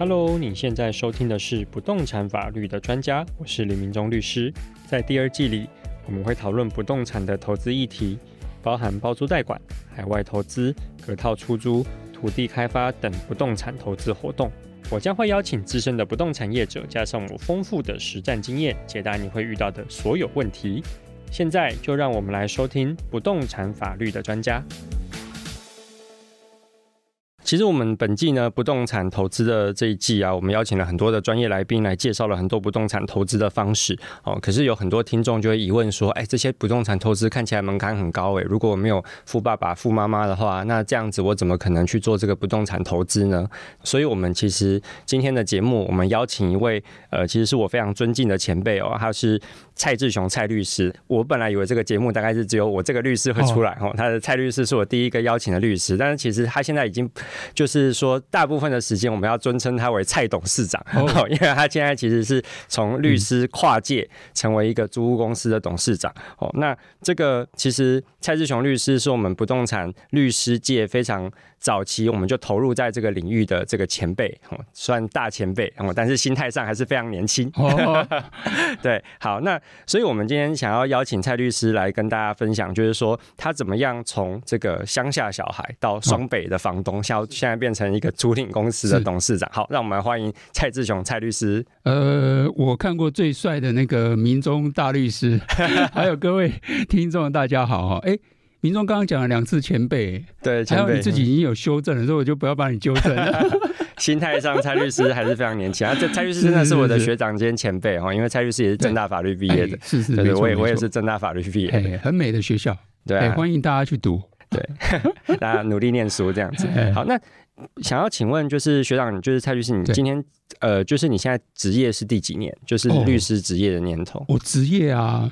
Hello，你現在收聽的是不動產法律的專家，我是李明忠律師。在第二季裡，我們會討論不動產的投資議題，包含包租代管、海外投資、隔套出租、土地開發等不動產投資活動。我將會邀請資深的不動產業者，加上我豐富的實戰經驗，解答你會遇到的所有問題。現在就讓我們來收聽不動產法律的專家。其實我們本季呢，不動產投資的這一季啊，我們邀請了很多的專業來賓來介紹了很多不動產投資的方式哦。可是有很多聽眾就會疑問說：“哎，這些不動產投資看起來門檻很高哎，如果我沒有富爸爸、富媽媽的話，那這樣子我怎麼可能去做這個不動產投資呢？”所以，我們其實今天的節目，我們邀請一位呃，其實是我非常尊敬的前輩哦，他是。蔡志雄，蔡律師，我本來以為這個節目大概是只有我這個律師會出來哦，哦。他的蔡律師是我第一個邀請的律師，但是其實他現在已經就是說，大部分的時間我們要尊稱他為蔡董事長，哦、因為他現在其實是從律師跨界成為一個租屋公司的董事長。嗯、哦，那這個其實蔡志雄律師是我們不動產律師界非常。早期我們就投入在這個領域的這個前輩，算、嗯、大前輩、嗯，但是心態上還是非常年輕。哦哦 對，好，那所以我們今天想要邀請蔡律師來跟大家分享，就是說他怎麼樣從這個鄉下小孩到雙北的房東，現、哦、現在變成一個租賃公司的董事長。是好，讓我們歡迎蔡志雄蔡律師。呃，我看過最帥的那個民中大律師， 還有各位聽眾大家好，欸民眾剛剛講了兩次前輩，對前輩自己已經有修正了，所以我就不要幫你糾正。心態上，蔡律師還是非常年輕啊，這蔡律師真的是我的學長兼前輩哈，因為蔡律師也是政大法律畢業的，是是，我也我也是政大法律畢業，很美的學校，對，歡迎大家去讀，對，大家努力念書這樣子。好，那想要請問就是學長，就是蔡律師，你今天呃，就是你現在職業是第幾年？就是律師職業的年頭？我職業啊，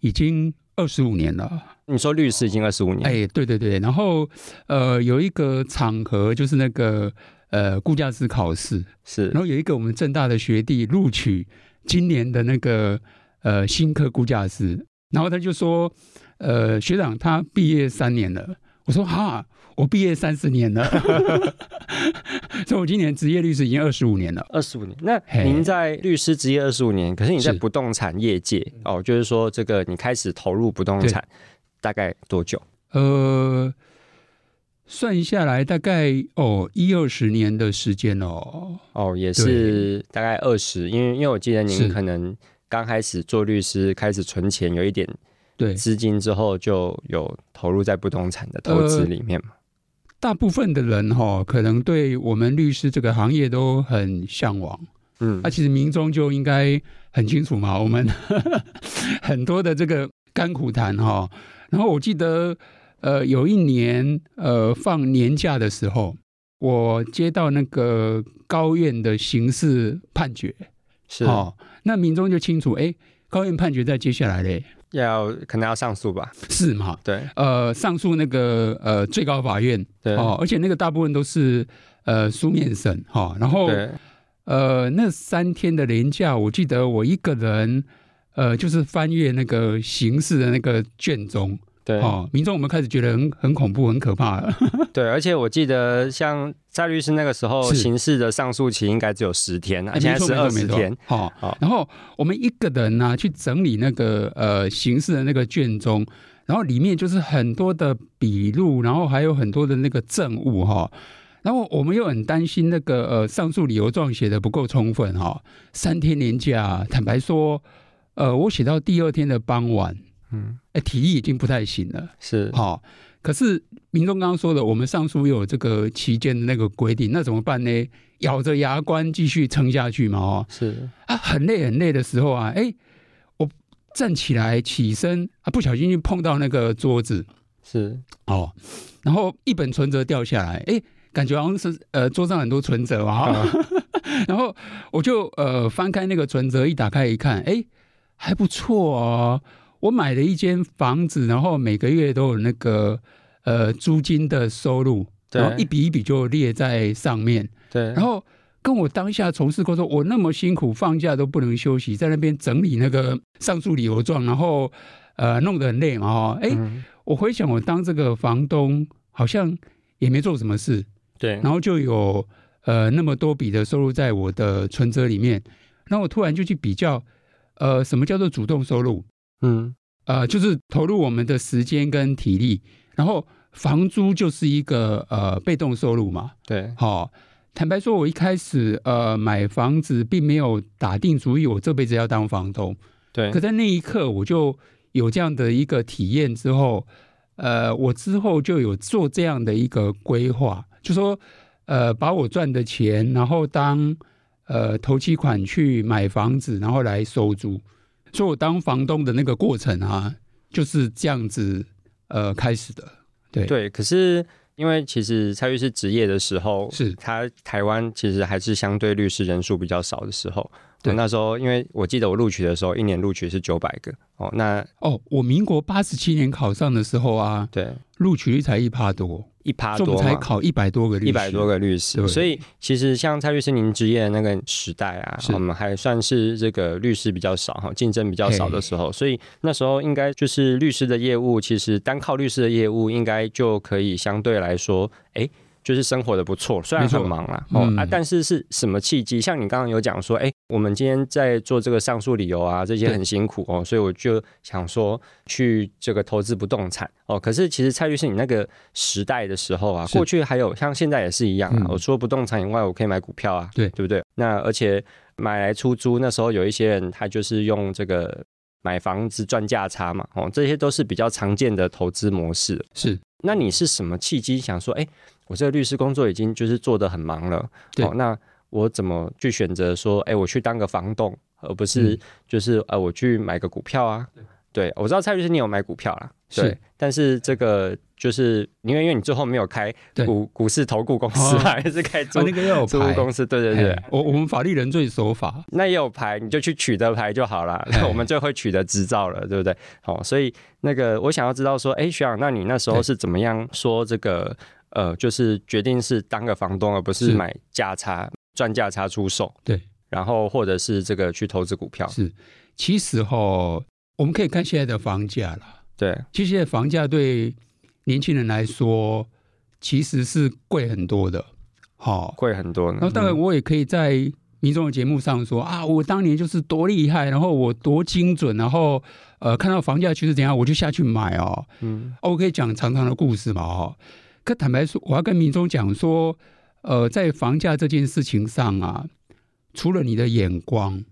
已經二十五年了。你說律師已經二十五年了，哎，對對對，然後呃，有一個場合就是那個呃，估價師考試是，然後有一個我們政大的學弟錄取今年的那個呃新科估價師，然後他就說呃學長他畢業三年了，我說哈我畢業三四年了， 所以，我今年執業律師已經二十五年了，二十五年。那您在律師執業二十五年，嘿可是你在不動產業界是哦，就是說這個你開始投入不動產。大概多久？呃，算下來大概哦一二十年的時間哦哦，也是大概二十對，因為因為我記得您可能剛開始做律師，是開始存錢，有一點對資金之後就有投入在不動產的投資裡面嘛、呃。大部分的人哈、哦，可能對我們律師這個行業都很向往，嗯，那、啊、其實民眾就應該很清楚嘛，我們 很多的這個甘苦談哈、哦。然後我記得，呃，有一年，呃，放年假的時候，我接到那個高院的刑事判決，是哦，那民眾就清楚，哎，高院判決在接下來嘞，要可能要上訴吧？是嘛？對呃、那個，呃，上訴那個呃最高法院，對哦，而且那個大部分都是呃書面審哈、哦，然後對呃那三天的年假，我記得我一個人。呃，就是翻閱那個刑事的那個卷宗，對哦，民眾我們開始覺得很很恐怖，很可怕 對，而且我記得像蔡律師那個時候刑事的上訴期應該只有十天，而、哎、現在是二十天、哦、好然後我們一個人呢、啊、去整理那個呃刑事的那個卷宗，然後裡面就是很多的筆錄，然後還有很多的那個證物哈、哦。然後我們又很擔心那個呃上訴理由狀寫的不夠充分哈、哦。三天年假，坦白說。呃，我寫到第二天的傍晚，嗯，哎、欸，體力已經不太行了，是、哦，可是民眾剛剛說的，我們上書有這個期間的那個規定，那怎麼辦呢？咬着牙關繼續撐下去嘛，哦，是，啊，很累很累的時候啊，哎、欸，我站起來起身啊，不小心就碰到那個桌子，是，哦，然後一本存折掉下來，哎、欸，感覺好像是呃桌上很多存折啊， 然後我就呃翻開那個存折，一打開一看，哎、欸。還不錯哦，我買了一間房子，然後每個月都有那個呃租金的收入，然後一筆一筆就列在上面。對，然後跟我當下從事工作，我那麼辛苦，放假都不能休息，在那邊整理那個上訴理由狀，然後呃弄得很累嘛。哦、欸，哎、嗯，我回想我當這個房東，好像也沒做什麼事，對，然後就有呃那麼多筆的收入在我的存摺裡面，那我突然就去比較。呃，什麼叫做主動收入？嗯，呃，就是投入我們的時間跟體力，然後房租就是一個呃被動收入嘛。對，好，哦，坦白說，我一開始呃買房子並沒有打定主意，我這輩子要當房東。對，可在那一刻我就有這樣的一個體驗之後，呃，我之後就有做這樣的一個規劃，就說呃把我賺的錢，然後當。呃，頭期款去買房子，然後來收租，所以我當房東的那個過程啊，就是這樣子呃開始的。對對，可是因為其實蔡律師執業的時候，是他台灣其實還是相對律師人數比較少的時候。對、嗯，那時候因為我記得我錄取的時候，一年錄取是九百個哦。那哦，我民國八十七年考上的時候啊，對，錄取率才一趴多，一趴多嘛，才考一百多個律師，一百多個律師。律師對所以其實像蔡律師您執業的那個時代啊，是我們還算是這個律師比較少哈，競爭比較少的時候，Hey. 所以那時候應該就是律師的業務，其實單靠律師的業務應該就可以相對來說，哎、欸。就是生活的不錯，雖然很忙啊，嗯、哦啊，但是是什麼契機？像你剛剛有講說，哎、欸，我們今天在做這個上訴理由啊，這些很辛苦對哦，所以我就想說去這個投資不動產哦。可是其實蔡律師，你那個時代的時候啊，過去還有像現在也是一樣、啊，我除了、嗯、不動產以外，我可以買股票啊，對對不對？那而且買來出租，那時候有一些人他就是用這個買房子賺價差嘛，哦，這些都是比較常見的投資模式。是，那你是什麼契機想說，哎、欸？我這個律師工作已經就是做得很忙了，對，那我怎麼去選擇說，哎，我去當個房東，而不是就是，哎，我去買個股票啊？對，我知道蔡律師你有買股票啦，對，但是這個就是，因為因為你最後沒有開股股市投顧公司，還是開租租賃公司？對對對，我我們法律人最守法，那也有牌，你就去取得牌就好了，我們最會取得執照了，對不對？好，所以那個我想要知道說，哎，學長，那你那時候是怎麼樣說這個？呃，就是決定是當個房東，而不是買價差賺價是差出售。對，然後或者是這個去投資股票。是，其實哈、哦，我們可以看現在的房價了。對，其實現在房價對年輕人來說其實是貴很多的。好、哦，貴很多。然後當然，我也可以在民眾的節目上說、嗯、啊，我當年就是多厲害，然後我多精準，然後呃，看到房價趨勢怎樣，我就下去買哦。嗯哦，我可以講長長的故事嘛，哦。可坦白說，我要跟民眾講說，呃，在房價這件事情上啊，除了你的眼光，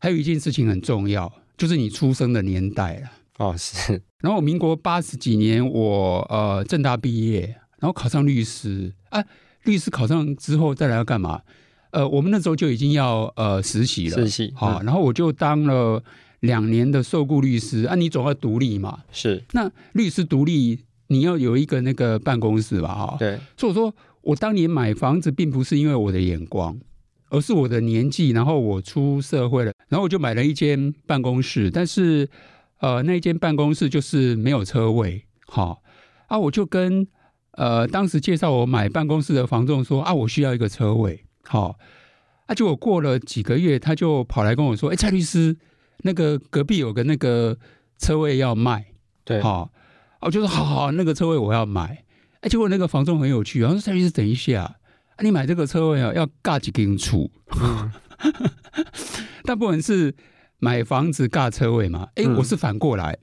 還有一件事情很重要，就是你出生的年代了。啊、哦，是。然後民國八十幾年，我呃，政大畢業，然後考上律師。啊律師考上之後，再來要幹嘛？呃，我們那時候就已經要呃實習了。實習、嗯哦。然後我就當了兩年的受雇律師。啊，你總要獨立嘛。是。那律師獨立。你要有一個那個辦公室吧，哈。對。所以我說，我當年買房子並不是因為我的眼光，而是我的年紀，然後我出社會了，然後我就買了一間辦公室。但是，呃，那一間辦公室就是沒有車位，哈、喔，啊，我就跟呃當時介紹我買辦公室的房仲說啊，我需要一個車位，好、喔，啊，結果過了幾個月，他就跑來跟我說，哎、欸，蔡律師，那個隔壁有個那個車位要賣，對，好、喔。我就說好好，那個車位我要買，哎，結果那個房東很有趣，我說下面是等一下，你買這個車位啊，要嘎幾根柱？大部分是買房子嘎車位嘛？哎、欸，我是反過來，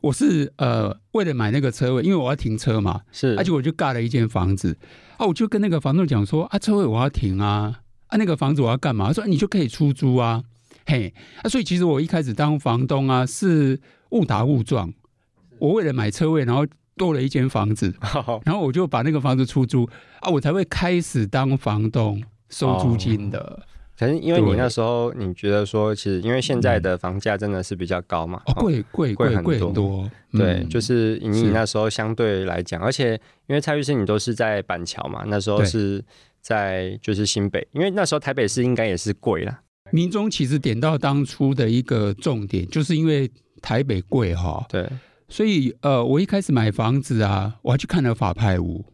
我是呃為了買那個車位，因為我要停車嘛，是，而且、啊、我就嘎了一間房子，啊，我就跟那個房東講說啊，車位我要停啊，啊，那個房子我要幹嘛？說你就可以出租啊，嘿，啊，所以其實我一開始當房東啊，是誤打誤撞。我為了買車位，然後多了一間房子，哦、然後我就把那個房子出租啊，我才會開始當房東收租金的。哦、可能因為你那時候對你覺得說，其實因為現在的房價真的是比較高嘛？哦、哦，貴貴貴很多，很多嗯、對，就是你那時候相對來講，是而且因為蔡律師，你都是在板橋嘛，那時候是在就是新北，對因為那時候台北市應該也是貴啦。民中其實點到當初的一個重點，就是因為台北貴哈、哦？對。所以，呃，我一開始買房子啊，我還去看了法拍屋。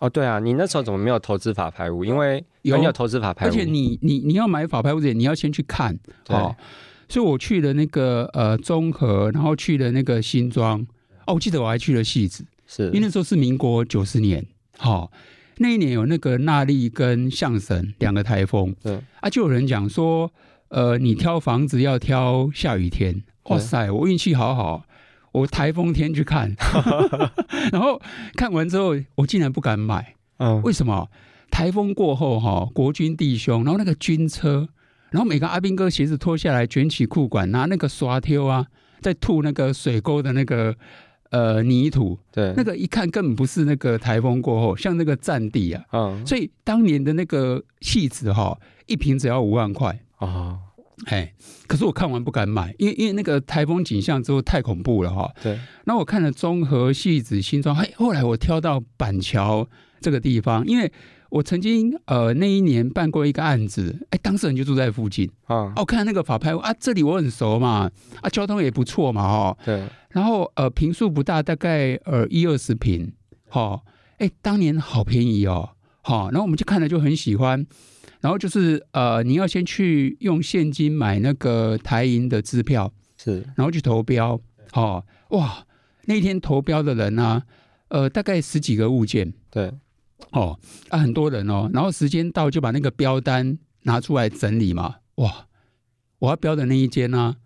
哦，對啊，你那時候怎麼沒有投資法拍屋？因為有沒有投資法拍屋？而且你，你，你要買法拍屋之前，你要先去看。好對、哦、所以，我去了那個呃中和，然後去了那個新莊。哦，我記得我還去了汐止，是因為那時候是民國九十年。好、哦，那一年有那個納莉跟象神兩個台風。嗯是。啊，就有人講說，呃，你挑房子要挑下雨天。哇、哦、塞，是我運氣好好。我台風天去看， 然後看完之後，我竟然不敢買。嗯、為什麼？台風過後哈、哦，國軍弟兄，然後那個軍車，然後每個阿兵哥鞋子脫下來，捲起褲管，拿那個刷條啊，在吐那個水溝的那個呃泥土。對，那個一看根本不是那個台風過後，像那個戰地啊。嗯、所以當年的那個汐止哈、哦，一坪只要五萬塊啊。哦欸、可是我看完不敢買，因為因為那個颱風景象之後太恐怖了哈。對，然後我看了中和汐止、新莊哎、欸，後來我挑到板橋這個地方，因為我曾經呃那一年辦過一個案子，哎、欸，當事人就住在附近啊。然後我看那個法拍啊，這裡我很熟嘛，啊，交通也不錯嘛哈。對，然後呃，坪數不大，大概呃一二十坪，好、欸，當年好便宜哦、喔，好，然後我們就看了就很喜歡。然後就是呃，你要先去用現金買那個台銀的支票，是，然後去投標，對哦，哇，那天投標的人呢、啊，呃，大概十幾個物件，對，哦，啊，很多人哦，然後時間到就把那個標單拿出來整理嘛，哇，我要標的那一間呢、啊，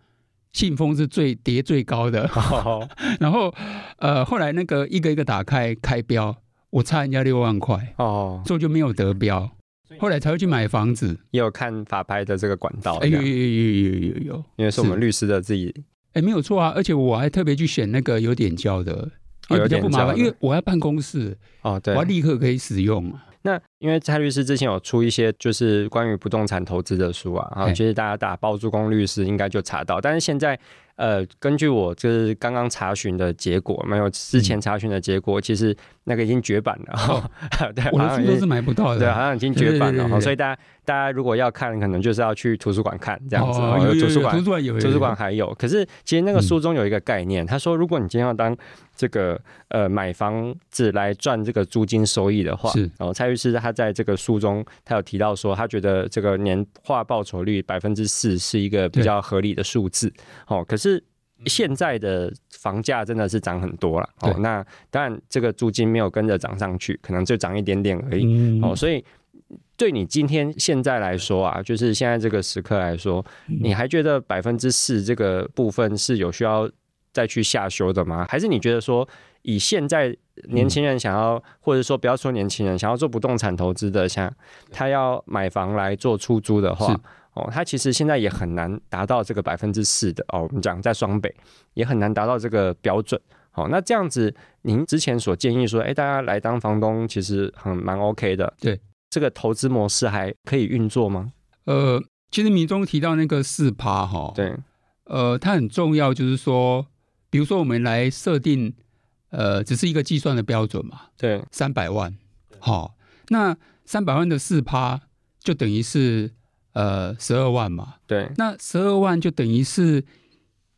信封是最疊最高的，好好 然後呃，後來那個一個一個打開開標，我差人家六萬塊，哦好，所以就沒有得標。好好嗯後來才會去買房子，也有看法拍的這個管道。欸、有，有有有有有有，因為是我們律師的自己，哎，欸、沒有錯啊，而且我還特別去選那個有點交的，比較不麻煩，有有因為我要辦公室、哦、對，我要立刻可以使用。那因為蔡律師之前有出一些就是關於不動產投資的書啊，啊，其實大家打包租公律師應該就查到，但是現在。呃，根據我就是剛剛查詢的結果，沒有之前查詢的結果，嗯、其實那個已經絕版了、哦。哦、 對，我的書都是買不到的。 對，好像已經絕版了，所以大家大家如果要看，可能就是要去圖書館看這樣子。圖書館有，有，有，有，有，圖書館還有。可是其實那個書中有一個概念，他、嗯、說，如果你今天要當。這個呃，買房子來賺這個租金收益的話，是、哦。蔡律師他在這個書中，他有提到說，他覺得這個年化報酬率百分之四是一個比較合理的數字。對哦，可是現在的房價真的是漲很多了。對哦，那當然這個租金沒有跟着漲上去，可能就漲一點點而已。嗯、哦，所以對你今天現在來說啊，就是現在這個時刻來說，你還覺得百分之四這個部分是有需要？再去下修的嗎？還是你覺得說，以現在年輕人想要，嗯、或者說不要說年輕人想要做不動產投資的，像他要買房來做出租的話，是哦，他其實現在也很難達到這個百分之四的哦。我們講在雙北也很難達到這個標準。好、哦，那這樣子，您之前所建議說，哎，大家來當房東，其實很蠻 OK 的。對，這個投資模式還可以運作嗎？呃，其實民中提到那個四趴哈，哦、對，呃，它很重要，就是說。比如說，我們來設定，呃，只是一個計算的標準嘛。對。三百萬，好對、哦，那三百萬的四趴就等於是呃十二萬嘛。對。那十二萬就等於是，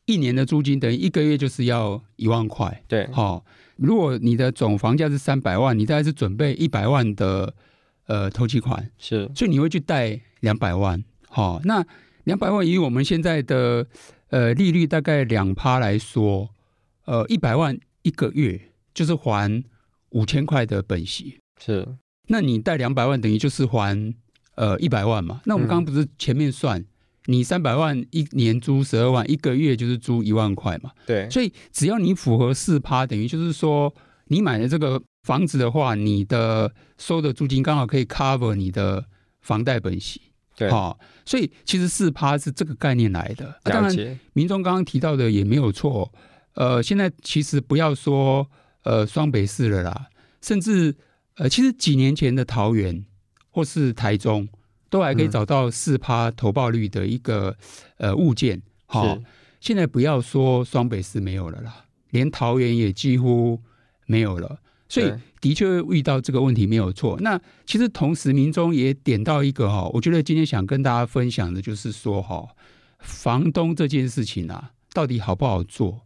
一年的租金等於一個月就是要一萬塊。對。好、哦，如果你的總房價是三百萬，你大概是準備一百萬的呃頭期款。是。所以你會去貸兩百萬，好、哦，那兩百萬以我們現在的。呃，利率大概兩趴來說，呃，一百萬一個月就是還五千塊的本息。是，那你貸兩百萬，等於就是還呃一百萬嘛？那我們剛剛不是前面算，嗯、你三百萬一年租十二萬，一個月就是租一萬塊嘛？對。所以只要你符合四趴，等於就是說你買了這個房子的話，你的收的租金剛好可以 cover 你的房貸本息。好、哦，所以其實四趴是這個概念來的。啊、當然，民眾剛剛提到的也沒有錯。呃，現在其實不要說呃雙北市了啦，甚至呃其實幾年前的桃園或是台中，都還可以找到四趴投報率的一個、嗯、呃物件。好、哦，是現在不要說雙北市沒有了啦，連桃園也幾乎沒有了。所以的確遇到這個問題沒有錯。對那其實同時，民眾也點到一個哈，我覺得今天想跟大家分享的就是說哈，房東這件事情啊，到底好不好做？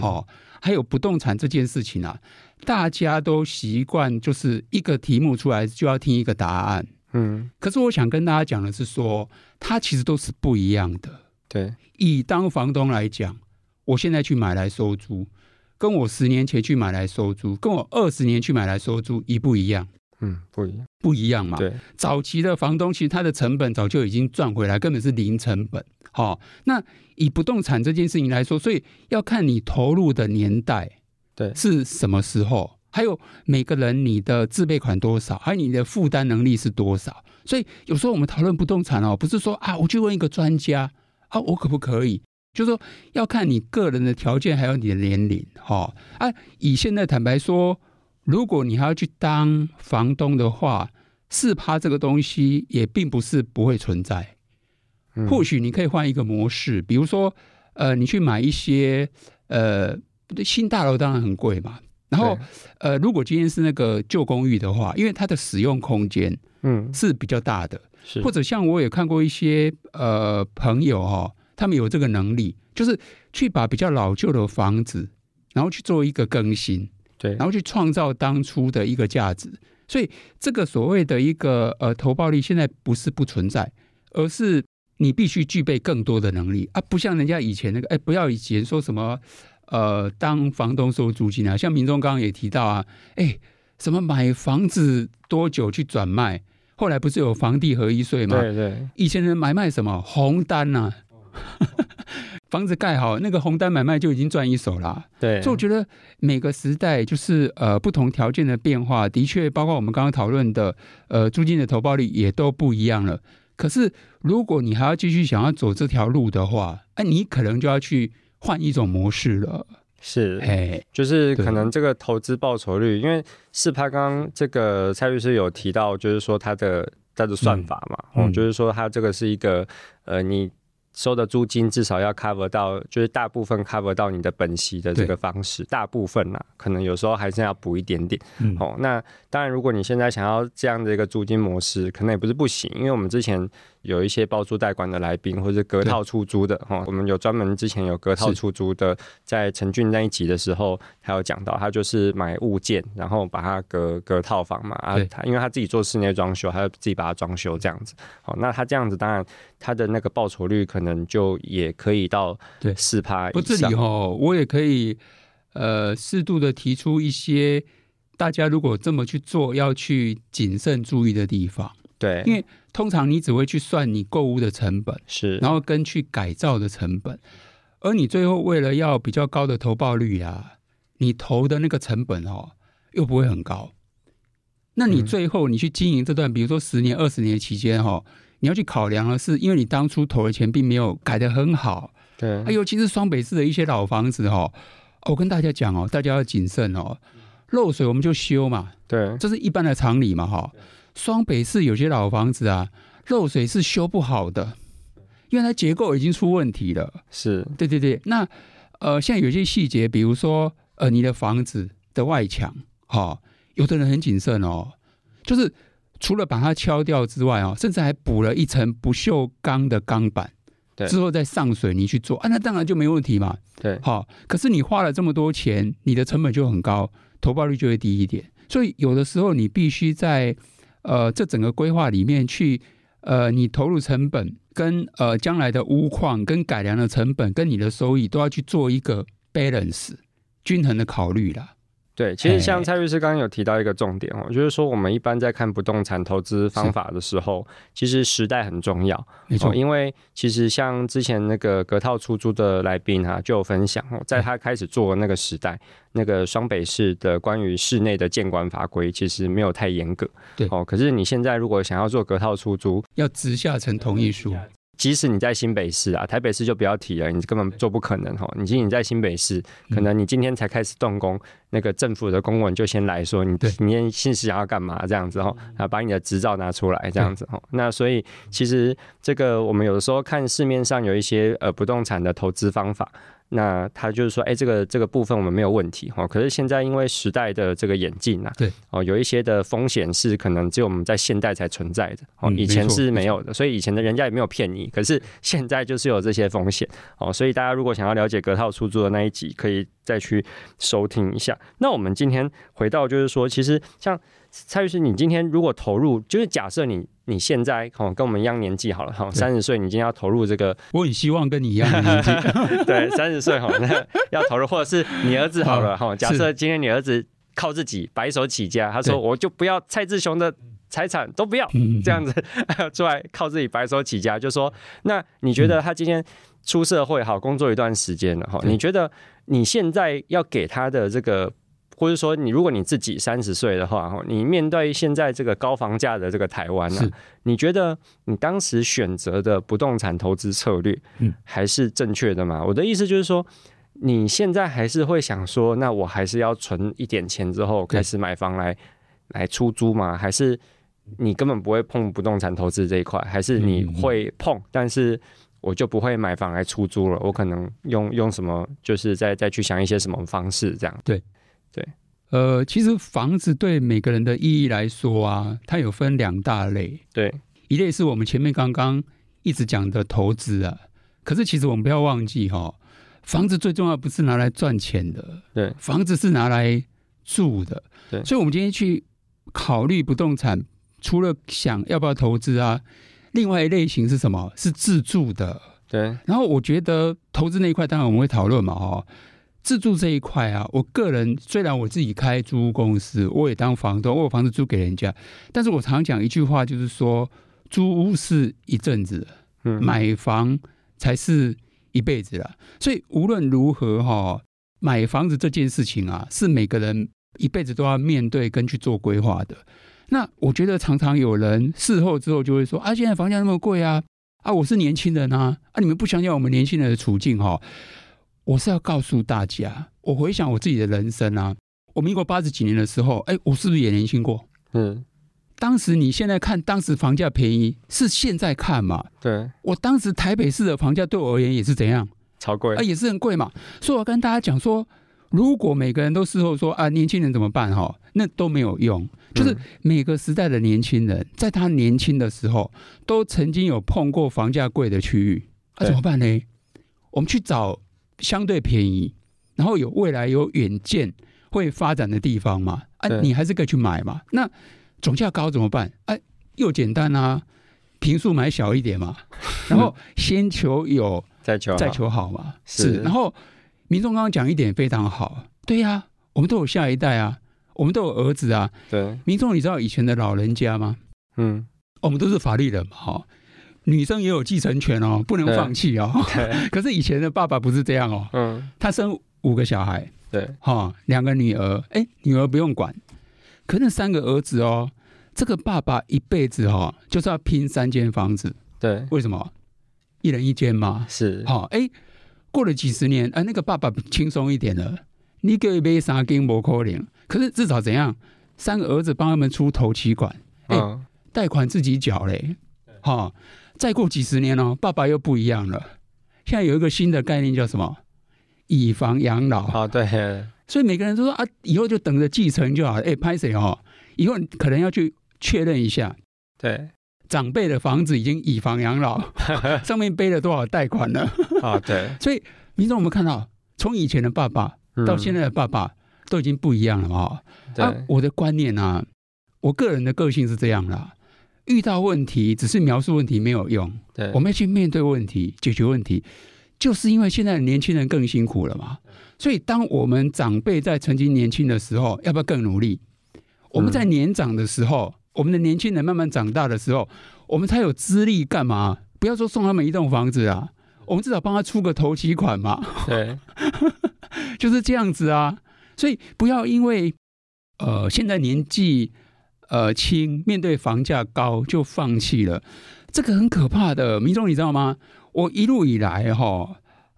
好、嗯，還有不動產這件事情啊，大家都習慣就是一個題目出來就要聽一個答案。嗯，可是我想跟大家講的是說，它其實都是不一樣的。對，以當房東來講，我現在去買來收租。跟我十年前去買來收租，跟我二十年去買來收租一不一樣？嗯，不一樣，不一樣嘛。對，早期的房東其實他的成本早就已經賺回來，根本是零成本。好、哦，那以不動產這件事情來說，所以要看你投入的年代，對，是什麼時候，對還有每個人你的自備款多少，還有你的負擔能力是多少。所以有時候我們討論不動產哦，不是說啊，我去問一個專家啊，我可不可以？就是說要看你個人的條件，還有你的年齡，哈、哦啊，以現在坦白說，如果你還要去當房東的話，四趴這個東西也並不是不會存在。或許你可以換一個模式，比如說，呃，你去買一些，呃，新大樓當然很貴嘛。然後，呃，如果今天是那個舊公寓的話，因為它的使用空間，嗯，是比較大的。嗯、是，或者像我也看過一些，呃，朋友哈、哦。他們有這個能力，就是去把比較老舊的房子，然後去做一個更新，對，然後去創造當初的一個價值。所以這個所謂的一個呃投報率現在不是不存在，而是你必須具備更多的能力。啊，不像人家以前那個，哎，不要以前說什麼呃當房東收租金啊，像民眾剛剛也提到啊，哎，什麼買房子多久去轉賣？後來不是有房地合一稅嗎？對對，以前人買賣什麼紅單啊。 房子蓋好，那個紅單買賣就已經賺一手了、啊。對，所以我覺得每個時代就是呃不同條件的變化，的確包括我們剛剛討論的呃租金的投報率也都不一樣了。可是如果你還要繼續想要走這條路的話，哎、啊，你可能就要去換一種模式了。是，哎、欸，就是可能這個投資報酬率，對因為是他剛剛這個蔡律師有提到，就是說他的他的算法嘛，嗯，嗯，嗯，就是說他這個是一個呃你。收的租金至少要 cover 到，就是大部分 cover 到你的本息的這個方式，對大部分啦、啊，可能有時候還是要補一點點。嗯、哦，那當然，如果你現在想要這樣的一個租金模式，可能也不是不行，因為我們之前有一些包租代管的來賓，或者是隔套出租的對哦，我們有專門之前有隔套出租的，是在陳俊那一集的時候，他有講到，他就是買物件，然後把它隔隔套房嘛，啊他，他對因為他自己做室內裝修，他就自己把它裝修這樣子。好、哦，那他這樣子當然他的那個報酬率可能。就也可以到以上對四趴，不，這裡哈，我也可以呃，適度的提出一些大家如果這麼去做，要去謹慎注意的地方。對，因為通常你只會去算你購物的成本，是，然後跟去改造的成本，而你最後為了要比較高的投報率啊，你投的那個成本哦，又不會很高。那你最後你去經營這段，比如說十年、二十年期間哈。你要去考量的是，因為你當初投的錢並沒有改得很好，對。尤其是雙北市的一些老房子哦，我跟大家講哦，大家要謹慎哦。漏水我們就修嘛，對，這是一般的常理嘛、哦，哈。雙北市有些老房子啊，漏水是修不好的，因為它結構已經出問題了。是，對對對，那呃，現在有些細節，比如說呃，你的房子的外牆，哈、哦，有的人很謹慎哦，就是。除了把它敲掉之外，哦，甚至還補了一層不鏽鋼的鋼板，對之後再上水泥去做啊，那當然就沒問題嘛。對，好、哦，可是你花了這麼多錢，你的成本就很高，投報率就會低一點。所以有的時候你必須在呃這整個規劃裡面去呃你投入成本跟呃將來的屋況跟改良的成本跟你的收益都要去做一個 balance 均衡的考慮啦。對，其實像蔡律師剛剛有提到一個重點哦，Hey. 就是說我們一般在看不動產投資方法的時候，是其實時代很重要，沒錯錯、喔。因為其實像之前那個隔套出租的來賓哈、啊，就有分享、喔、在他開始做的那個時代，嗯、那個雙北市的關於室內的建管法規其實沒有太嚴格，對哦、喔。可是你現在如果想要做隔套出租，要直下層同意書。對 yeah. 即使你在新北市啊，台北市就不要提了，你根本做不可能哈，對、哦。你即使在新北市，嗯、可能你今天才開始動工，那個政府的公文就先來說，你今天信息，想要幹嘛這樣子哦，啊，把你的執照拿出來這樣子對哦。那所以其實這個，我們有的時候看市面上有一些呃不動產的投資方法。那他就是說，哎、欸，這個這個部分我們沒有問題哈。可是現在因為時代的這個演進吶、啊，對哦，有一些的風險是可能只有我們在現代才存在的哦，嗯、以前是沒有的。沒錯，所以以前的人家也沒有騙你，嗯、可是現在就是有這些風險哦。所以大家如果想要了解隔套出租的那一集，可以再去收聽一下。那我們今天回到就是說，其實像。蔡律師，你今天如果投入，就是假設你你現在哈、哦、跟我們一樣年紀好了哈，三十歲，對你今天要投入這個，我也希望跟你一樣年紀， 對，三十歲哈，那、哦、 要投入，或者是你兒子好了哈，嗯、假設今天你兒子靠自己白手起家，嗯、他說我就不要蔡志雄的財產都不要，對這樣子呵呵出來靠自己白手起家，嗯、就說那你覺得他今天出社會好、嗯、工作一段時間了哈，哦、對你覺得你現在要給他的這個？或者說，你如果你自己三十歲的話，你面對現在這個高房價的這個台灣呢、啊，是你覺得你當時選擇的不動產投資策略，還是正確的嗎？嗯、我的意思就是說，你現在還是會想說，那我還是要存一點錢之後開始買房來、嗯、來出租嗎？還是你根本不會碰不動產投資這一塊？還是你會碰，嗯嗯但是我就不會買房來出租了？我可能用用什麼，就是再再去想一些什麼方式這樣？對。對，呃，其實房子對每個人的意義來說啊，它有分兩大類。對，一類是我們前面剛剛一直講的投資啊，可是其實我們不要忘記哈、哦，房子最重要不是拿來賺錢的，對，房子是拿來住的，對，所以我們今天去考慮不動產，除了想要不要投資啊，另外一類型是什麼？是自住的，對。然後我覺得投資那一塊，當然我們會討論嘛、哦，哈。自住這一塊啊，我個人雖然我自己開租屋公司，我也當房東，我有房子租給人家，但是我常講一句話，就是說租屋是一陣子，嗯，買房才是一輩子啦。所以無論如何哈，買房子這件事情啊，是每個人一輩子都要面對跟去做規劃的。那我覺得常常有人事後之後就會說啊，現在房價那麼貴啊，啊，我是年輕人啊，啊，你們不想想我們年輕人的處境哈、啊。我是要告訴大家，我回想我自己的人生啊，我民國八十幾年的時候，哎、欸，我是不是也年輕過？嗯，當時你現在看，當時房價便宜，是現在看嘛？對，我當時台北市的房價對我而言也是怎樣？超貴貴啊，也是很貴嘛。所以，我跟大家講說，如果每個人都事後說啊，年輕人怎麼辦？哈，那都沒有用。就是每個時代的年輕人，在他年輕的時候，都曾經有碰過房價貴的區域，那、啊、怎麼辦呢？對我們去找。相對便宜，然後有未來有遠見會發展的地方嘛，啊，你還是可以去買嘛。那總價高怎麼辦？哎、啊，又簡單啊，坪數買小一點嘛。然後先求有，再求再求好嘛。是。然後民眾剛剛講一點非常好，對呀、啊，我們都有下一代啊，我們都有兒子啊。對，民眾你知道以前的老人家嗎？嗯、哦，我們都是法律人嘛。好。女生也有繼承權哦，不能放棄哦。 可是以前的爸爸不是這樣哦。嗯。他生五個小孩。對。哈、哦，兩個女兒，哎、欸，女兒不用管。可是那三個兒子哦，這個爸爸一輩子哈、哦、就是要拼三間房子。對。為什麼？一人一間嗎？是。哈、哦，哎、欸，過了幾十年，哎、啊，那個爸爸輕鬆一點了。你叫他買三間不可能，可是至少怎樣？三個兒子幫他們出頭期款。欸、嗯。貸款自己繳嘞。好對。哦。再過幾十年、哦、爸爸又不一樣了。現在有一個新的概念叫什麼？以房養老啊，對。所以每個人都說啊，以後就等着繼承就好了。哎，拍 s 哦，以後可能要去確認一下。對，長輩的房子已經以房養老， 上面背了多少貸款了。好的、啊， 所以，民眾我們看到，從以前的爸爸到現在的爸爸，都已經不一樣了嘛。嗯啊、對。我的觀念呢、啊，我個人的個性是這樣的、啊。遇到問題，只是描述問題沒有用。對，我們要去面對問題，解決問題，就是因為現在的年輕人更辛苦了嘛。所以，當我們長輩在曾經年輕的時候，要不要更努力？我們在年長的時候，嗯、我們的年輕人慢慢長大的時候，我們才有資歷幹嘛？不要說送他們一棟房子啊，我們至少幫他出個頭期款嘛。對， 就是這樣子啊。所以，不要因為呃，現在年紀。呃，輕面對房價高就放棄了，這個很可怕的。民眾，你知道嗎？我一路以來哈，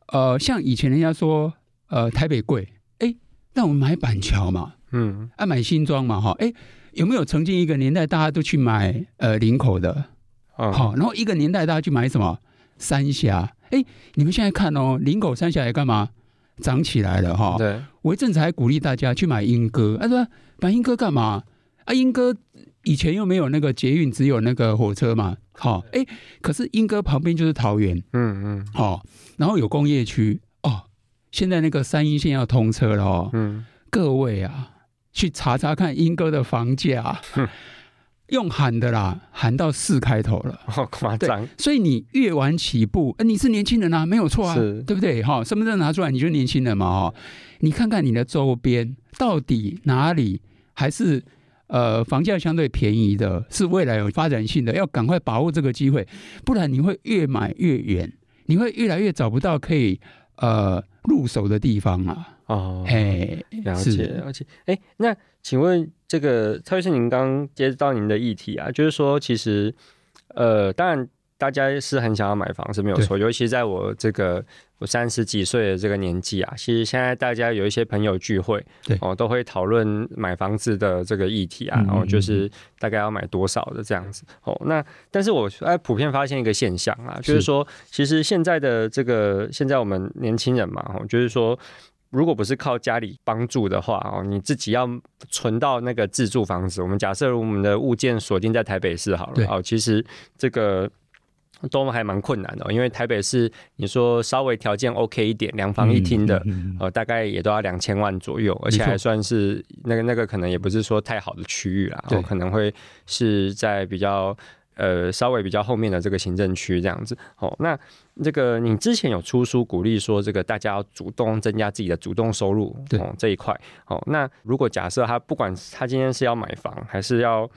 呃，像以前人家說，呃，台北貴，哎、欸，那我們買板橋嘛，嗯，愛、啊、買新莊嘛，哈，哎，有沒有曾經一個年代大家都去買呃林口的，嗯、好，然後一個年代大家去買什麼三峽，哎、欸，你們現在看哦，林口三峽也幹嘛漲起來了哈？對，我一陣子還鼓勵大家去買鶯歌，他、啊、說買鶯歌幹嘛？啊、鶯歌以前又沒有那個捷運，只有那個火車嘛。好、哦，哎、欸，可是鶯歌旁邊就是桃園、嗯，嗯嗯，好、哦，然後有工業區哦。現在那個三鶯線要通車了哦。嗯、各位啊，去查查看鶯歌的房價，嗯、用喊的啦，喊到四開頭了，好誇張。所以你越晚起步、呃，你是年輕人啊，沒有錯啊，是對不對？哈、哦，身份證拿出來，你就是年輕人嘛、哦。哈是，你看看你的周邊到底哪裡還是？呃，房價相對便宜的，是未來有發展性的，要趕快把握這個機會，不然你會越買越遠，你會越來越找不到可以呃入手的地方了，啊。哦，哎嘿，了解。是了解。哎，那請問這個蔡先生，您剛接到您的議題啊，就是說，其實呃，當然大家是很想要買房是沒有錯，對尤其在我這個。我三十幾歲的這個年紀啊，其實現在大家有一些朋友聚會，對哦，都會討論買房子的這個議題啊，嗯嗯嗯哦，就是大概要買多少的這樣子哦。那但是我哎，普遍發現一個現象啊，是就是說，其實現在的這個現在我們年輕人嘛，哦，就是說，如果不是靠家裡幫助的話哦，你自己要存到那個自住房子，我們假設我們的物件鎖定在台北市好了，對哦，其實這個。都還蠻困難的，因為台北是台北市你說稍微條件 OK 一點，兩房一廳的，嗯、呃，大概也都要兩千萬左右，而且還算是那個錯那個可能也不是說太好的區域啦對、哦，可能會是在比較呃稍微比較後面的這個行政區這樣子哦。那這個你之前有出書鼓勵說這個大家要主動增加自己的主動收入，對、哦、這一塊哦。那如果假設他不管他今天是要買房還是要。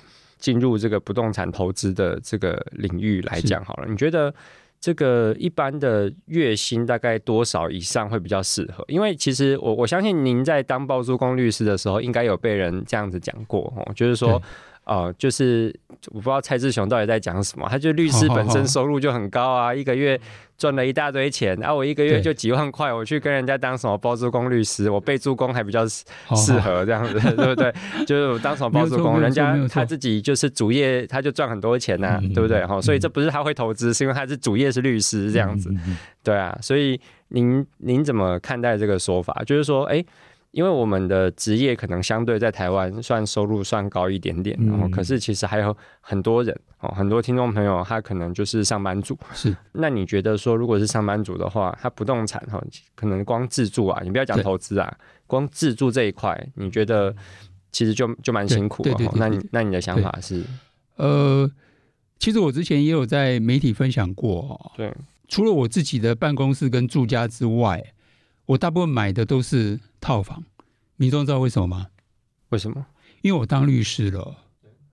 進入這個不動產投資的這個領域來講好了，是你覺得這個一般的月薪大概多少以上會比較適合？因為其實我我相信您在當包租公律師的時候，應該有被人這樣子講過哦，就是說。哦，就是我不知道蔡志雄到底在講什麼。他就是律師本身收入就很高啊，好好好，一個月賺了一大堆錢。然、啊、後我一個月就幾萬塊，我去跟人家當什麼包租公律師，對我包租公還比較適合這樣，好好這樣子，對不對？ 就是我當什麼包租公，人家他自己就是主業，他就賺很多錢吶、啊，嗯嗯嗯，對不對？哈、哦，所以這不是他會投資，是因為他是主業是律師這樣子，嗯嗯嗯對啊。所以您您怎麼看待這個說法？就是說，哎、欸。因為我們的職業可能相對在台灣算收入算高一點點，然後、嗯哦、可是其實還有很多人哦，很多聽眾朋友他可能就是上班族。是，那你覺得說如果是上班族的話，他不動產哈、哦，可能光自住啊，你不要講投資啊，對光自住這一塊，你覺得其實就就蠻辛苦啊、哦？那你那你的想法是？呃，其實我之前也有在媒體分享過、哦，對，除了我自己的辦公室跟住家之外。我大部分買的都是套房，你都知道為什麼嗎？為什麼？因為我當律師了，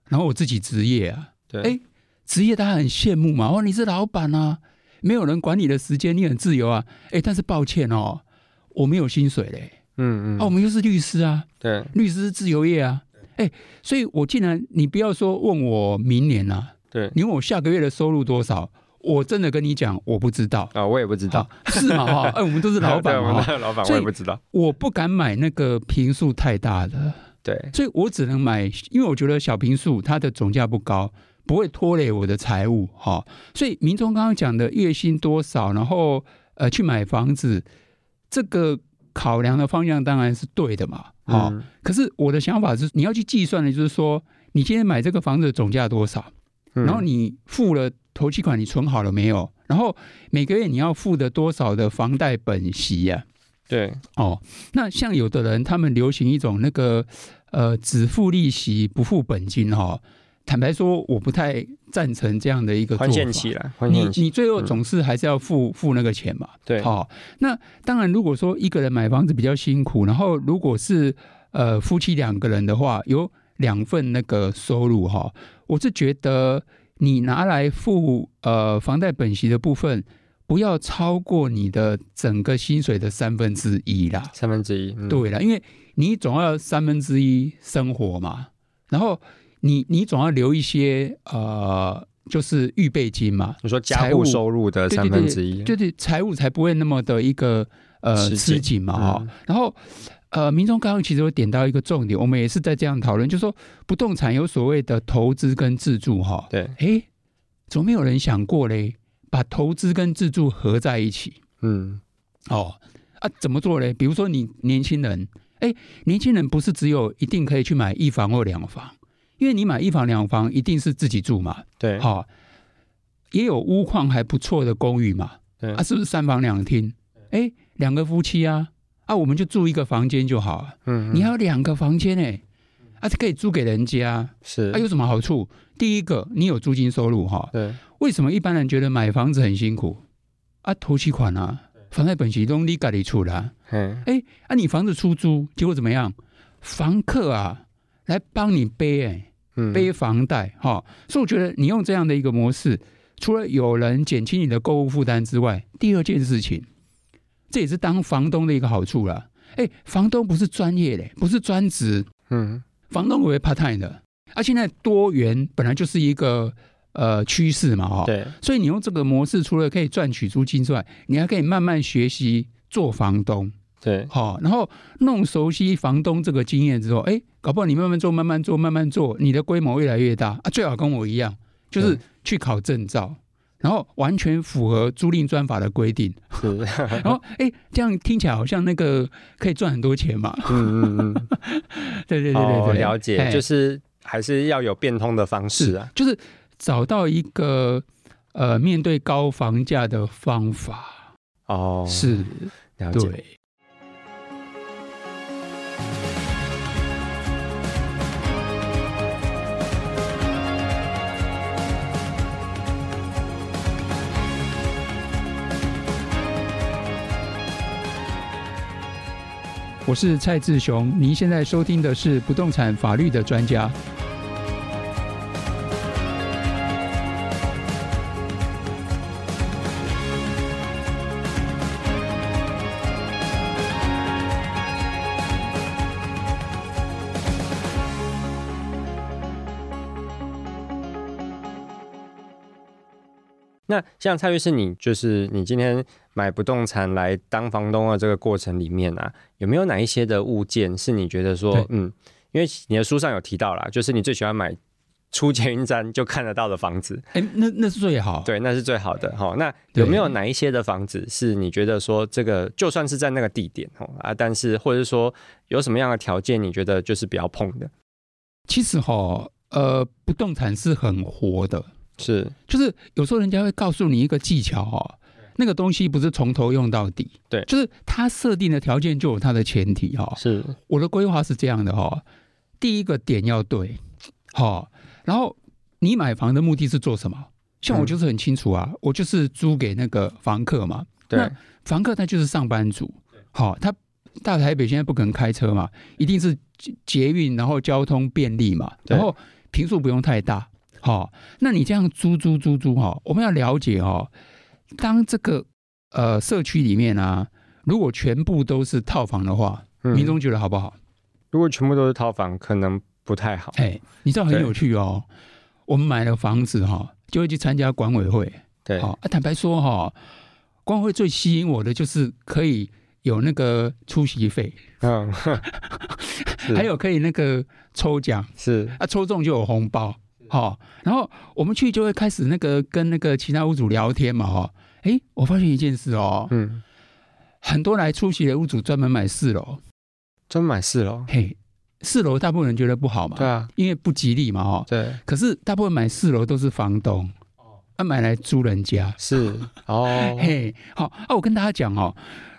然後我自己職業啊，哎對，職、欸、業大家很羨慕嘛。哦，你是老闆啊，沒有人管你的時間，你很自由啊。哎、欸，但是抱歉哦，我沒有薪水嘞、欸。嗯嗯。啊，我們又是律師啊。對。律師是自由業啊。哎、欸，所以我竟然你不要說問我明年吶、啊，對，你問我下個月的收入多少？我真的跟你講，我不知道啊、哦，我也不知道，是嗎、哦？哈，哎，我們都是老闆、哦、我們都是老闆，我也不知道，我不敢買那個坪數太大的，對，所以我只能買，因為我覺得小坪數它的總價不高，不會拖累我的財務，哈、哦，所以民眾剛剛講的月薪多少，然後呃去買房子，這個考量的方向當然是對的嘛，啊、哦，嗯、可是我的想法是，你要去計算的，就是說你今天買這個房子的總價多少。然後你付了頭期款，你存好了沒有？然後每個月你要付的多少的房貸本息呀、啊？對，哦，那像有的人他們流行一種那個呃，只付利息不付本金哈、哦。坦白說，我不太贊成這樣的一個做法。寬限期，你你最後總是還是要付付那個錢嘛？對，好、哦。那當然，如果說一個人買房子比較辛苦，然後如果是呃夫妻兩個人的話，有兩份那個收入哈、哦。我是覺得你拿來付呃房貸本息的部分，不要超過你的整個薪水的三分之一啦。三分之一，嗯、對了，因為你總要三分之一生活嘛，然後你你總要留一些呃，就是預備金嘛。就說家戶收入的三分之一，對對，對、就是、財務才不會那麼的一個呃吃緊績嘛哈、哦，嗯、然後。呃，民眾剛剛其實我點到一個重點，我們也是在這樣討論，就是說不動產有所謂的投資跟自住哈、哦。對，哎，怎麼沒有人想過嘞？把投資跟自住合在一起？嗯，哦啊，怎麼做嘞？比如說你年輕人，哎，年輕人不是只有一定可以去買一房或兩房，因為你買一房兩房一定是自己住嘛。對，好、哦，也有屋況還不錯的公寓嘛。對啊，是不是三房兩廳？哎，兩個夫妻啊。那、啊、我們就住一個房間就好了。嗯哼，你還有兩個房間呢，而且、嗯啊、可以租給人家。是，那、啊、有什麼好處？第一個，你有租金收入哈。對。為什麼一般人覺得買房子很辛苦？啊，頭期款啊，對房貸本息都你家你出的、啊。嗯。哎、欸，啊，你房子出租，結果怎麼樣？房客啊，來幫你背哎，嗯、背房貸哈。所以我覺得你用這樣的一個模式，除了有人減輕你的購物負擔之外，第二件事情。這也是當房東的一個好處了。哎，房東不是專業的，不是專職。嗯，房東也會 part-time 的。啊，現在多元本來就是一個呃趨勢嘛、哦，哈。對。所以你用這個模式，除了可以賺取租金之外，你還可以慢慢學習做房東。對。好，然後弄熟悉房東這個經驗之後，哎，搞不好你慢慢做，慢慢做，慢慢做，你的規模越來越大啊。最好跟我一樣，就是去考證照。嗯然後完全符合租賃專法的規定， 然後，哎，這樣聽起來好像那個可以賺很多錢嘛？嗯嗯嗯，對對對對對，哦、了解，嘿就是還是要有變通的方式啊，是就是找到一個呃，面對高房價的方法。哦，是，了解。我是蔡志雄，您現在收聽的是不動產法律的專家。那像蔡律師，你就是你今天。買不動產來當房東的這個過程裡面啊，有沒有哪一些的物件是你覺得說，對嗯，因為你的書上有提到啦，就是你最喜歡買出捷運站就看得到的房子。哎、欸，那那是最好，對，那是最好的哈。那有沒有哪一些的房子是你覺得說，這個就算是在那個地點哦啊，但是或者是說有什麼樣的條件，你覺得就是不要碰的？其實哈，呃，不動產是很活的，是，就是有時候人家會告訴你一個技巧哈。那個東西不是從頭用到底，對，就是它設定的條件就有它的前提哈、哦。是，我的規劃是這樣的哈、哦。第一個點要對，好、哦，然後你買房的目的是做什麼？像我就是很清楚啊，嗯、我就是租給那個房客嘛。對，房客他就是上班族，好、哦，他大台北現在不可能開車嘛，一定是捷運，然後交通便利嘛，對，然後坪數不用太大，好、哦，那你這樣租租租租哈，我們要了解哈、哦。當這個呃社區裡面呢、啊，如果全部都是套房的話，嗯、民眾覺得好不好？如果全部都是套房，可能不太好。哎、欸，你知道很有趣哦，對我們買了房子哈、哦，就會去參加管委會。對，哦、啊，坦白說哈、哦，管委會最吸引我的就是可以有那個出席費，嗯， 是還有可以那個抽獎，是啊，抽中就有紅包。好是、哦，然後我們去就會開始那個跟那個其他屋主聊天嘛、哦，哈。哎，我發現一件事哦，嗯，很多來出席的屋主專門買四樓，專門買四樓，嘿，四樓大部分人覺得不好嘛，對啊，因為不吉利嘛，哦，對，可是大部分買四樓都是房東，哦，他、啊、買來租人家，是，哦， 嘿，好、哦，哦、啊，我跟大家講哦，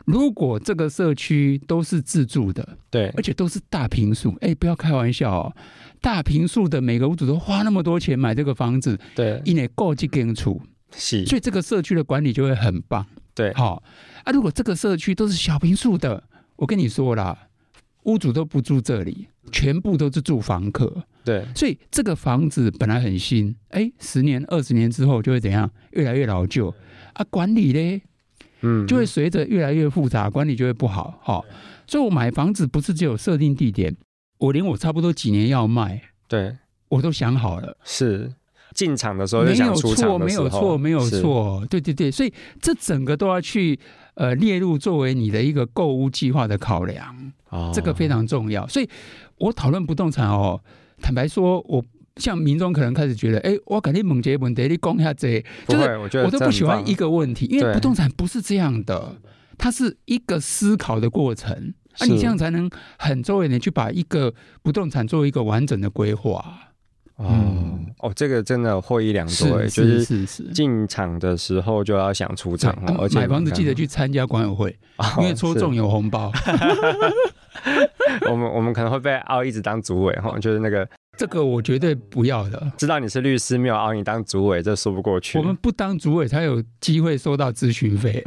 如果這個社區都是自住的，對，而且都是大坪數，哎，不要開玩笑哦，大坪數的每個屋主都花那麼多錢買這個房子，對，因為顧這間厝。是所以這個社區的管理就會很棒。對，好、哦、啊。如果這個社區都是小坪數的，我跟你說啦，屋主都不住這裡，全部都是住房客。對，所以這個房子本來很新，哎、欸，十年、二十年之後就會怎樣？越來越老舊啊，管理呢？嗯，就會隨着越來越複雜，管理就會不好。好、哦，所以我買房子不是只有設定地點，我連我差不多幾年要賣，對我都想好了。是。進場的時候，出場的時候沒有錯，沒有錯，沒有錯，是對對對，所以這整個都要去呃列入作為你的一個購物計劃的考量，哦、這個非常重要。所以我討論不動產哦，坦白說，我像民眾可能開始覺得，哎、欸，我肯定猛接猛得你攻一下這，會就是我覺得我都不喜歡一個問題，因為不動產不是這樣的，它是一個思考的過程，對啊，你這樣才能很周全的去把一個不動產做一個完整的規劃。哦、嗯，哦，這個真的獲益良多誒，是是是是，就是進場的時候就要想出場。啊、而且買房子記得去參加管委會，哦、因為抽中有紅包。我們我們可能會被凹一直當主委哈，就是那個。這個我絕對不要的。知道你是律師，沒有熬你當主委，這說不過去。我們不當主委才有機會收到諮詢費。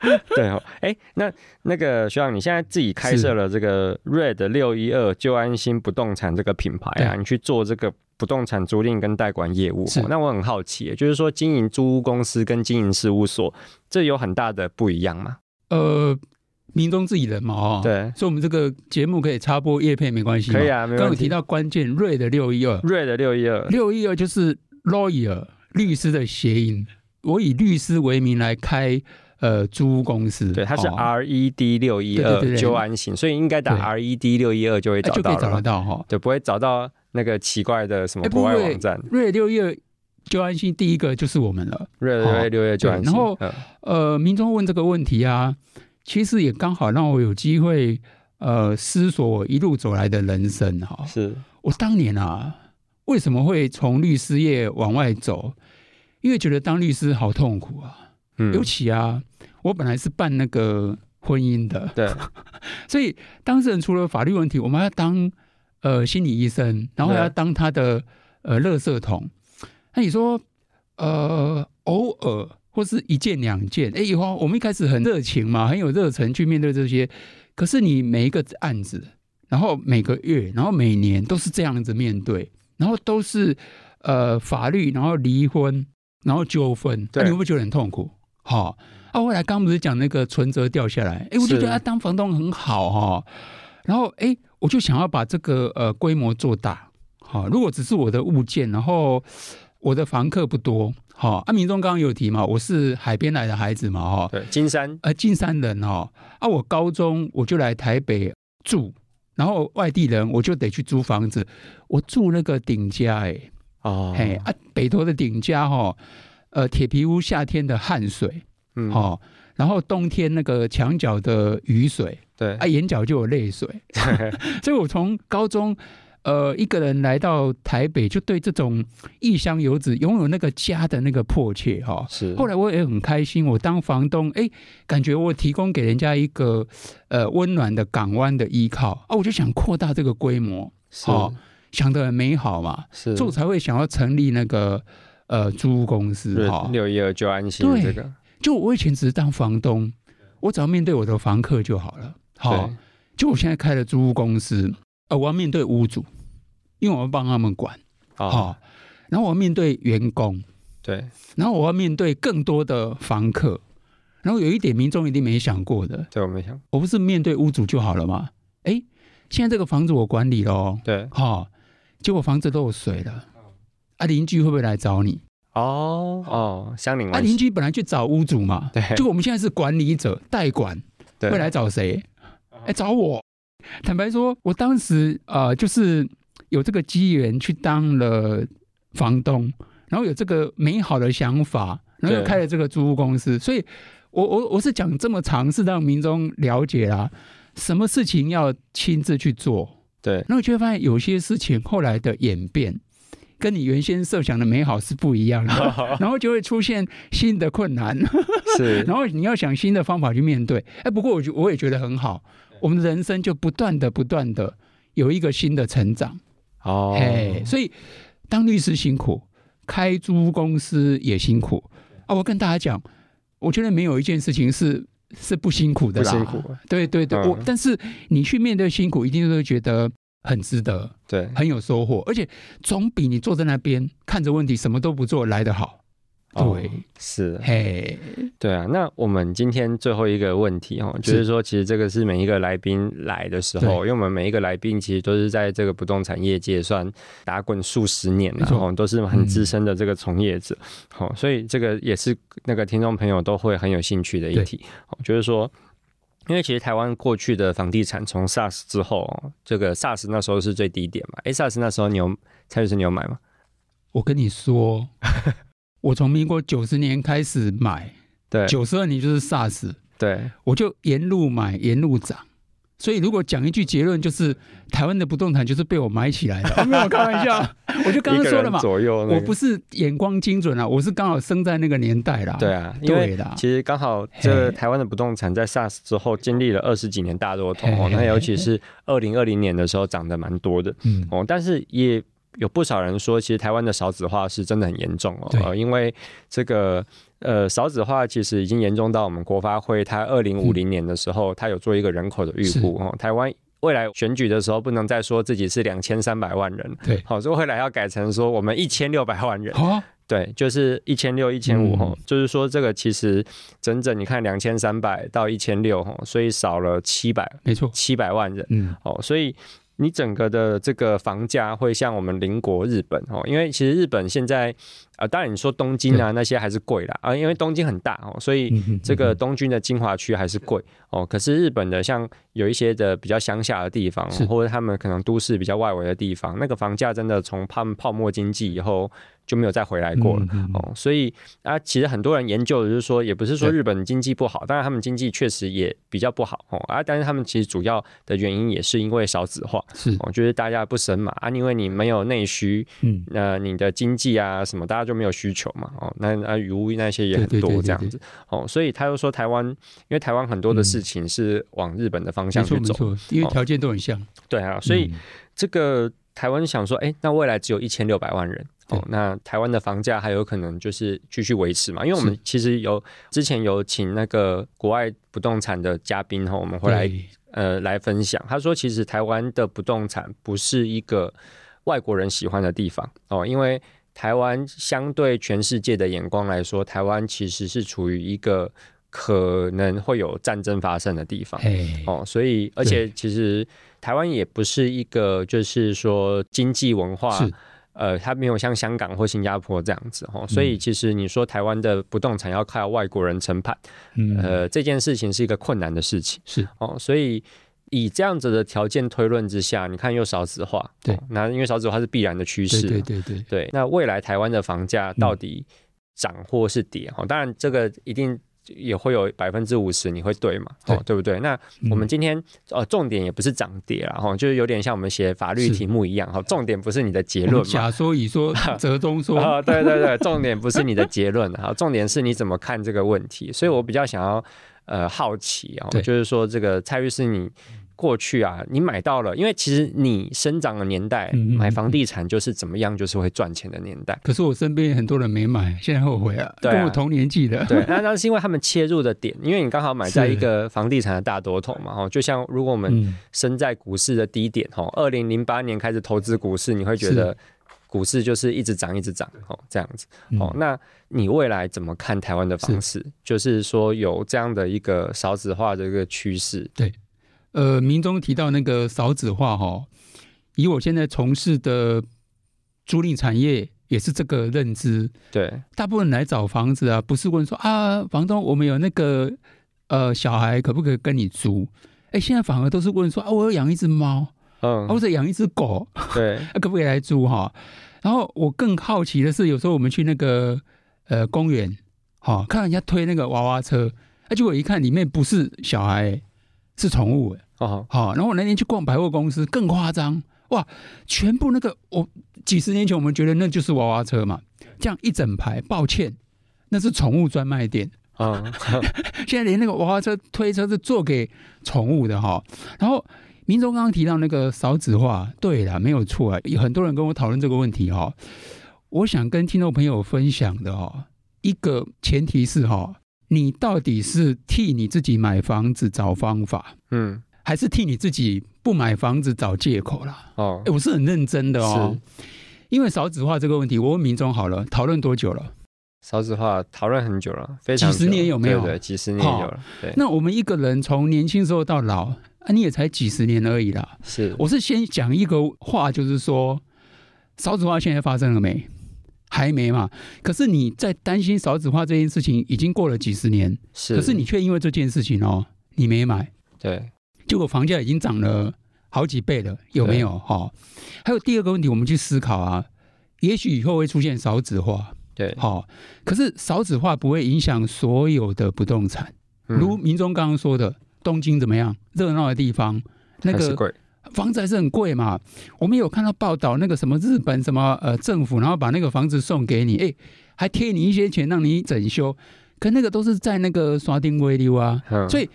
對哦，哎，那那個學長，你現在自己開設了這個 Red 六一二揪安心不動產這個品牌啊，對你去做這個不動產租賃跟代管業務。是那我很好奇，就是說經營租屋公司跟經營事務所，這有很大的不一樣嗎？呃。民眾自己人嘛，對，所以我們這個節目可以插播業配沒關係，可以啊，沒有問題，剛有提到關鍵，瑞的六一二，瑞的六一二，六一二就是 lawyer 律師的諧音，我以律師為名來開呃租公司，對，它是 R E D 六一二揪安心。所以應該打 R E D 六一二就會找到，找得到哈，就不會找到那個奇怪的什麼國外網站。銳六一二揪安心第一個就是我們了，銳銳六一二揪安心，然後呃，民眾問這個問題啊。其實也剛好讓我有機會，呃，思索一路走來的人生哈、喔。是，我當年啊，為什麼會從律師業往外走？因為覺得當律師好痛苦啊。嗯。尤其啊，我本來是辦那個婚姻的。對。 所以當事人除了法律問題，我們還要當呃心理醫生，然後還要當他的呃垃圾桶。那你說，呃，偶爾。或是一件兩件，哎，以後我們一開始很熱情嘛，很有熱忱去面對這些。可是你每一個案子，然後每個月，然後每年都是這樣子面對，然後都是呃法律，然後離婚，然後糾紛，對啊、你會不會覺得很痛苦？好、哦，啊、後來剛剛不是講那個存折掉下來，哎，我就覺得當房東很好哈、哦。然後哎，我就想要把這個呃規模做大，好、哦，如果只是我的物件，然後我的房客不多。好啊，明中剛剛有提嘛，我是海邊來的孩子嘛，哈，對，金山，呃，金山人哦，啊，我高中我就來台北住，然後外地人我就得去租房子，我住那個頂家、欸，哎，哦，嘿，啊，北投的頂家，哈，呃，鐵皮屋，夏天的汗水，嗯，哦，然後冬天那個牆角的雨水，對，啊，眼角就有淚水， 所以我從高中。呃，一個人來到台北，就對這種異鄉遊子擁有那個家的那個迫切哈、哦。是，後來我也很開心，我當房東，哎、欸，感覺我提供給人家一個呃溫暖的港灣的依靠，啊，我就想擴大這個規模，是，哦、想得很美好嘛，是，就才會想要成立那個呃租屋公司哈。六一二揪安心的、這個，對，就我以前只是當房東，我只要面對我的房客就好了，好，對就我現在開了租屋公司，呃，我要面對屋主。因為我要幫他們管，oh. 哦，然後我面對員工，對，然後我要面對更多的房客，然後有一點民眾一定沒想過的，這我沒想過，我不是面對屋主就好了嗎？哎、欸，現在這個房子我管理嘍，對，好，哦，結果房子漏水了，啊，鄰居會不會來找你？哦哦，oh, oh，相鄰啊，鄰居本來去找屋主嘛，對，就我們現在是管理者代管，對，會來找誰？哎、uh huh. 欸，找我。坦白說，我當時呃，就是。有這個機緣去當了房東，然後有這個美好的想法，然後又開了這個租屋公司。對所以我，我我我是講這麼長，是讓民眾了解啦、啊，什麼事情要親自去做。對，然後就會發現有些事情後來的演變，跟你原先設想的美好是不一樣的，哦、 然後就會出現新的困難。是， 然後你要想新的方法去面對。哎、欸，不過我我也覺得很好，我們的人生就不斷的不斷的有一個新的成長。哦，所以當律師辛苦，開租公司也辛苦啊！我跟大家講，我覺得沒有一件事情是是不辛苦的啦。不辛苦，對對對，嗯、我。但是你去面對辛苦，一定會覺得很值得，對，很有收穫，而且總比你坐在那邊看着問題什麼都不做來得好。Oh, 對，是嘿，hey, 對啊。那我們今天最後一個問題哦，是就是說，其實這個是每一個來賓來的時候，對因為我們每一個來賓其實都是在這個不動產業界算打滾數十年了，哦，嗯、都是很資深的這個從業者，好、嗯哦，所以這個也是那個聽眾朋友都會很有興趣的一題。對哦，就是說，因為其實台灣過去的房地產從 SARS 之後、哦，這個 SARS 那時候是最低點嘛，誒 SARS 那時候你有蔡律師，你有買嗎？我跟你說。 我從民國九十年開始買，對，九十二年就是 SARS，對，我就沿路買，沿路漲。所以如果講一句結論，就是台灣的不動產就是被我買起來的。我沒有開玩笑， 我就剛剛說了嘛，左右、那個，我不是眼光精準啊，我是剛好生在那個年代啦。對啊，對啦因為的，其實剛好這台灣的不動產在 SARS 之後經歷了二十幾年大多頭，那尤其是二零二零年的時候漲得蠻多的，嗯，哦，但是也。有不少人說，其實台灣的少子化是真的很嚴重哦，對因為這個呃少子化其實已經嚴重到我們國發會，他二零五零年的時候，他、嗯、有做一個人口的預估是哦，台灣未來選舉的時候，不能再說自己是兩千三百萬人，對，好、哦，說未來要改成說我們一千六百萬人，哦、對，就是一千六一千五哦，就是說這個其實整整你看兩千三百到一千六哦，所以少了七百錯，沒錯，七百萬人，嗯，哦，所以。你整個的這個房價會像我們鄰國日本哦，因為其實日本現在。啊，當然你說東京啊那些還是貴啦對啊，因為東京很大，喔、所以這個東京的精華區還是貴哦、喔。可是日本的像有一些的比較鄉下的地方，喔、或者他們可能都市比較外圍的地方，是那個房價真的從泡泡沫經濟以後就沒有再回來過了哦、嗯嗯嗯嗯喔。所以啊，其實很多人研究的就是說，也不是說日本經濟不好，當然是他們經濟確實也比較不好哦、喔、啊，但是他們其實主要的原因也是因為少子化，是、喔，就是大家不生嘛啊，因為你沒有內需，嗯、呃，那你的經濟啊什麼大家。就沒有需求嘛？哦，那那雨屋那些也很多這樣子對對對對對哦，所以他又說台灣，因為台灣很多的事情是往日本的方向去走，嗯、因為條件都很像。哦、對啊，嗯、所以這個台灣想說，哎，那未來只有一千六百萬人哦，對那台灣的房價還有可能就是繼續維持嘛？因為我們其實有是之前有請那個國外不動產的嘉賓哈、哦，我們回來對呃來分享，他說其實台灣的不動產不是一個外國人喜歡的地方哦，因為。台灣相對全世界的眼光來說，台灣其實是處於一個可能會有戰爭發生的地方 hey, 哦，所以而且其實台灣也不是一個就是說經濟文化，是呃，它沒有像香港或新加坡這樣子哦，所以其實你說台灣的不動產要靠外國人承盤，嗯、呃，這件事情是一個困難的事情是哦，所以。以這樣子的條件推論之下，你看又少子化，對、哦，那因為少子化是必然的趨勢，對對對,對,對，那未來台灣的房價到底漲或是跌？哦、嗯，當然這個一定也會有百分之五十你會對嘛？對哦，對不對？那我們今天、嗯、呃，重點也不是漲跌啦哈，就是有點像我們寫法律題目一樣哈，是重點不是你的結論嘛，甲說、乙說、 折中說、哦，對對對，重點不是你的結論啊， 重點是你怎麼看這個問題？所以我比較想要。呃，好奇啊、喔，就是說這個蔡律師，你過去啊，你買到了，因為其實你生長的年代買房地產就是怎麼樣，就是會賺錢的年代。可是我身邊很多人沒買，現在後悔啊。對，跟我同年紀的，對啊、那那是因為他們切入的點，因為你剛好買在一個房地產的大多頭嘛。哦，就像如果我們身在股市的低點，哦，二零零八年開始投資股市，你會覺得。股市就是一直漲，一直漲哦，這樣子哦。嗯、那你未來怎麼看台灣的房市？是就是說有這樣的一個少子化的一個趨勢。對，呃，民中提到那個少子化哈，以我現在從事的租賃產業，也是這個認知。對，大部分來找房子啊，不是問說啊，房東我們有那個呃小孩可不可以跟你租？哎、欸，現在反而都是問說啊，我要養一隻貓。嗯，或者、啊、養一隻狗，對、啊，可不可以來租哈？然後我更好奇的是，有時候我們去那個呃公園，看人家推那個娃娃車，而、啊、且我一看裡面不是小孩，是寵物，好、哦。然後我那天去逛百貨公司，更誇張，哇，全部那個我幾十年前我們覺得那就是娃娃車嘛，這樣一整排，抱歉，那是寵物專賣店啊。嗯嗯、 現在連那個娃娃車推車是做給寵物的哈，然後。民宗剛剛提到那個少子化，對了，沒有錯啊。有很多人跟我討論這個問題哈、哦，我想跟聽眾朋友分享的哦，一個前提是哈、哦，你到底是替你自己買房子找方法，嗯，還是替你自己不買房子找借口了哦，我是很認真的哦，是因為少子化這個問題，我問民宗好了，討論多久了？少子化討論很久了，非常久了，幾十年有沒有？對對，幾十年有了。哦、對那我們一個人從年輕時候到老，啊、你也才幾十年而已啦。是，我是先講一個話，就是說，少子化現在發生了沒？還沒嘛。可是你在擔心少子化這件事情，已經過了幾十年，是。可是你卻因為這件事情哦，你沒買，對。結果房價已經漲了好幾倍了，有沒有？哈對、哦。還有第二個問題，我們去思考啊。也許以後會出現少子化。對，好 Okay.、哦。可是少子化不會影響所有的不動產，嗯、如民眾剛剛說的，東京怎麼樣熱鬧的地方，那個房子還是很貴嘛。貴我們有看到報道，那個什麼日本什麼呃政府，然後把那個房子送給你，哎、欸，還貼你一些錢讓你整修，可那個都是在那個刷丁威溜啊。嗯、所以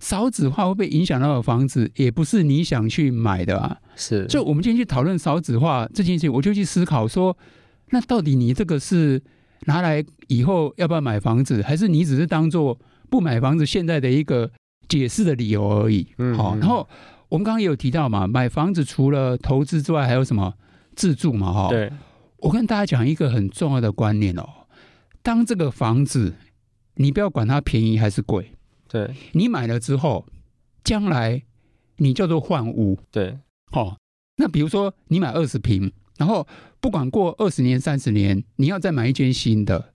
少子化會被影響到的房子，也不是你想去買的啊。是，就我們今天去討論少子化這件事情，我就去思考說。那到底你這個是拿來以後要不要買房子，還是你只是當做不買房子現在的一個解釋的理由而已？嗯，嗯，好。然後我們剛剛也有提到嘛，買房子除了投資之外，還有什麼自住嘛？哈，對。我跟大家講一個很重要的觀念哦，當這個房子你不要管它便宜還是貴，對你買了之後，將來你叫做換屋，對，好，哦。那比如說你買二十坪，然後。不管過二十年、三十年，你要再買一間新的，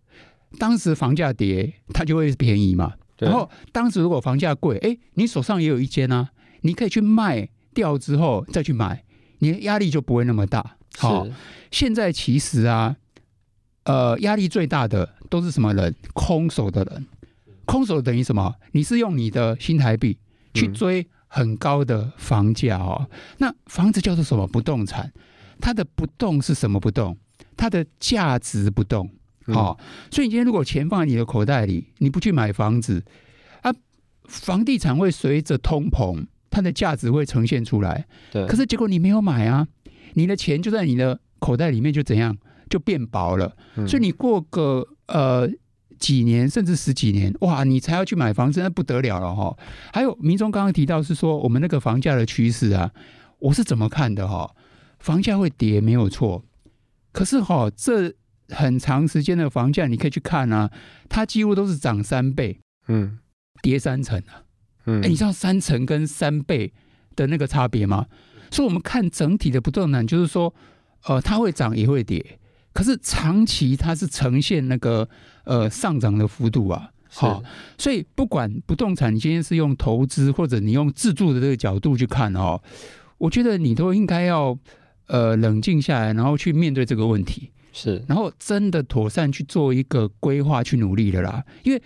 當時房價跌，它就會便宜嘛。對然後當時如果房價貴，哎、欸，你手上也有一間啊，你可以去賣掉之後再去買，你的壓力就不會那麼大。好是，現在其實啊，呃，壓力最大的都是什麼人？空手的人，空手等於什麼？你是用你的新台幣去追很高的房價哦。嗯、那房子叫做什麼？不動產。它的不動是什麼不動？它的價值不動，好、哦，嗯、所以你今天如果錢放在你的口袋裡，你不去買房子，啊，房地產會隨着通膨，它的價值會呈現出來，對，可是結果你沒有買啊，你的錢就在你的口袋裡面就怎樣？就變薄了，嗯、所以你過個呃幾年甚至十幾年，哇，你才要去買房子，真的不得了了哈、哦。還有民眾剛剛提到是說我們那個房價的趨勢啊，我是怎麼看的哈、哦？房價會跌沒有錯，可是哈、哦，這很長時間的房價，你可以去看啊，它幾乎都是漲三倍，嗯，跌三成啊，嗯、欸，你知道三成跟三倍的那個差別嗎？所以，我們看整體的不動產，就是說，呃，它會漲也會跌，可是長期它是呈現那個呃上漲的幅度啊，好、哦，是所以不管不動產你今天是用投資或者你用自住的這個角度去看哦，我覺得你都應該要。呃，冷靜下來，然後去面對這個問題，是，然後真的妥善去做一個規劃，去努力的啦。因為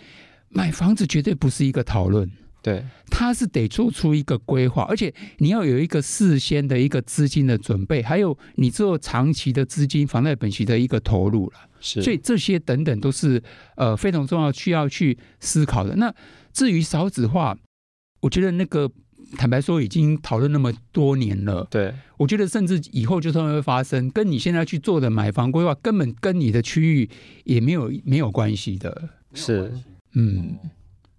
買房子絕對不是一個討論，對，它是得做出一個規劃，而且你要有一個事先的一個資金的準備，還有你做長期的資金房貸本息的一個投入了。是，所以這些等等都是呃非常重要需要去思考的。那至於少子化，我覺得那個。坦白說，已經討論那麼多年了。對，我覺得甚至以後就算會發生，跟你現在去做的買房規劃，根本跟你的區域也沒有沒有關係的。是嗯、是，嗯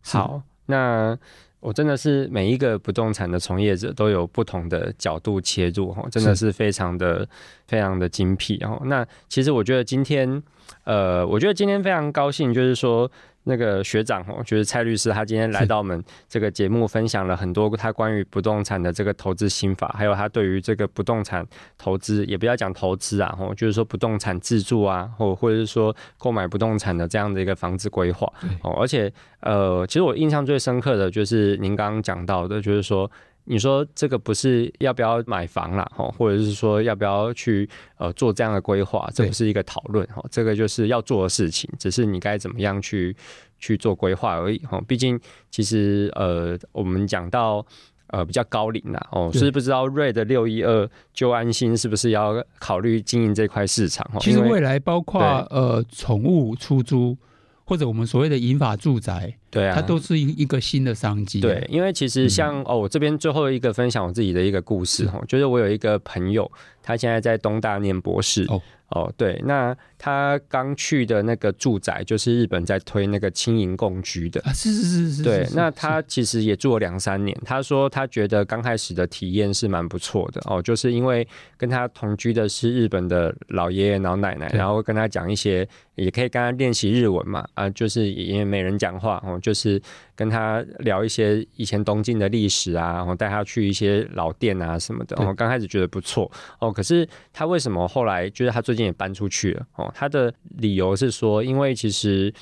是，好，那我真的是每一個不動產的從業者都有不同的角度切入，哈、哦，真的是非常的是非常的精闢。然、哦、那其實我覺得今天，呃，我覺得今天非常高興，就是說。那個學長哦，就是蔡律師他今天來到我們這個節目，分享了很多他關於不動產的這個投資心法，是還有他對於這個不動產投資，也不要講投資啊，哦，就是說不動產自住啊，或或者是說購買不動產的這樣的一個房子規劃哦，而且呃，其實我印象最深刻的就是您剛剛講到的，就是說。你說這個不是要不要買房啦？哈，或者是說要不要去呃做這樣的規劃，這不是一個討論哈對、哦。這個就是要做的事情，只是你該怎麼樣去去做規劃而已哈、哦。畢竟其實呃，我們講到呃比較高齡了哦，對是不是？不知道 RED612 揪安心是不是要考慮經營這塊市場？哦、其實未來包括對呃寵物出租，或者我們所謂的銀髮住宅。對啊，它都是一一個新的商機、啊。對，因為其實像哦，我這邊最後一個分享我自己的一個故事哈，嗯、就是我有一個朋友，他現在在東大念博士哦，哦對，那他剛去的那個住宅就是日本在推那個青銀共居的啊，是是是是，是，對。是是是是那他其實也住了兩三年，他說他覺得剛開始的體驗是蠻不錯的哦，就是因為跟他同居的是日本的老爺爺老奶奶，對然後跟他講一些，也可以跟他練習日文嘛啊，就是也因為沒人講話哦。就是跟他聊一些以前東京的歷史啊，然後帶他去一些老店啊什麼的。我對剛開始覺得不錯哦，可是他為什麼後來？就是他最近也搬出去了哦。他的理由是說，因為其實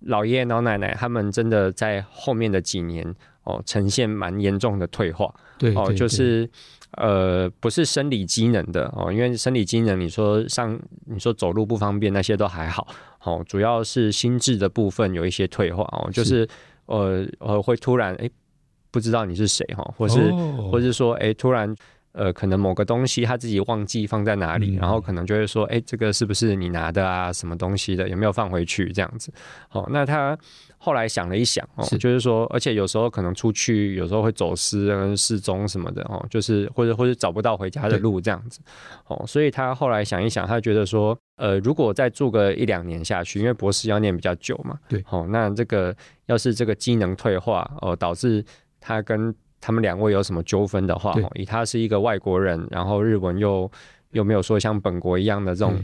老爺爺老奶奶他們真的在後面的幾年哦，呈現蠻嚴重的退化。對，對對哦，就是呃，不是生理機能的哦，因為生理機能你說上你說走路不方便那些都還好。好，主要是心智的部分有一些退化哦，就是呃是呃，會突然誒、欸，不知道你是誰哈，或是、Oh. 或是說誒、欸，突然。呃，可能某個東西他自己忘記放在哪裡，嗯、然後可能就會說，哎、欸，這個是不是你拿的啊？什麼東西的有沒有放回去？這樣子，哦，那他後來想了一想，哦，是就是說，而且有時候可能出去，有時候會走失、失蹤什麼的，哦，就是或者或者找不到回家的路對這樣子，哦，所以他後來想一想，他覺得說，呃，如果再住個一兩年下去，因為博士要念比較久嘛，對，哦，那這個要是這個機能退化，哦、呃，導致他跟。他們兩位有什麼糾紛的話，對以他是一個外國人，然後日文又又沒有說像本國一樣的這種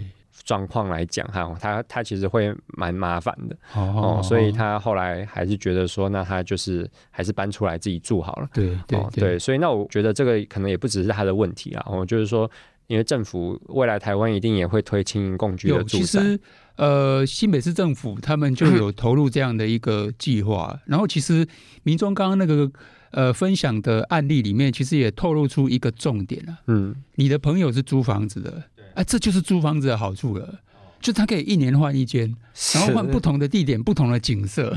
狀況來講哈，嗯、他他其實會蠻麻煩的哦，哦哦所以他後來還是覺得說，哦、那他就是還是搬出來自己住好了。對對，、哦、對，所以那我覺得這個可能也不只是他的問題了，然後、哦、就是說，因為政府未來台灣一定也會推青銀共居的住宅，其實呃，新北市政府他們就有投入這樣的一個計劃，嗯、然後其實民眾剛剛那個。呃，分享的案例裡面，其實也透露出一個重點嗯、啊，你的朋友是租房子的，哎，這就是租房子的好處了，就他可以一年換一間，然後換不同的地點、不同的景色。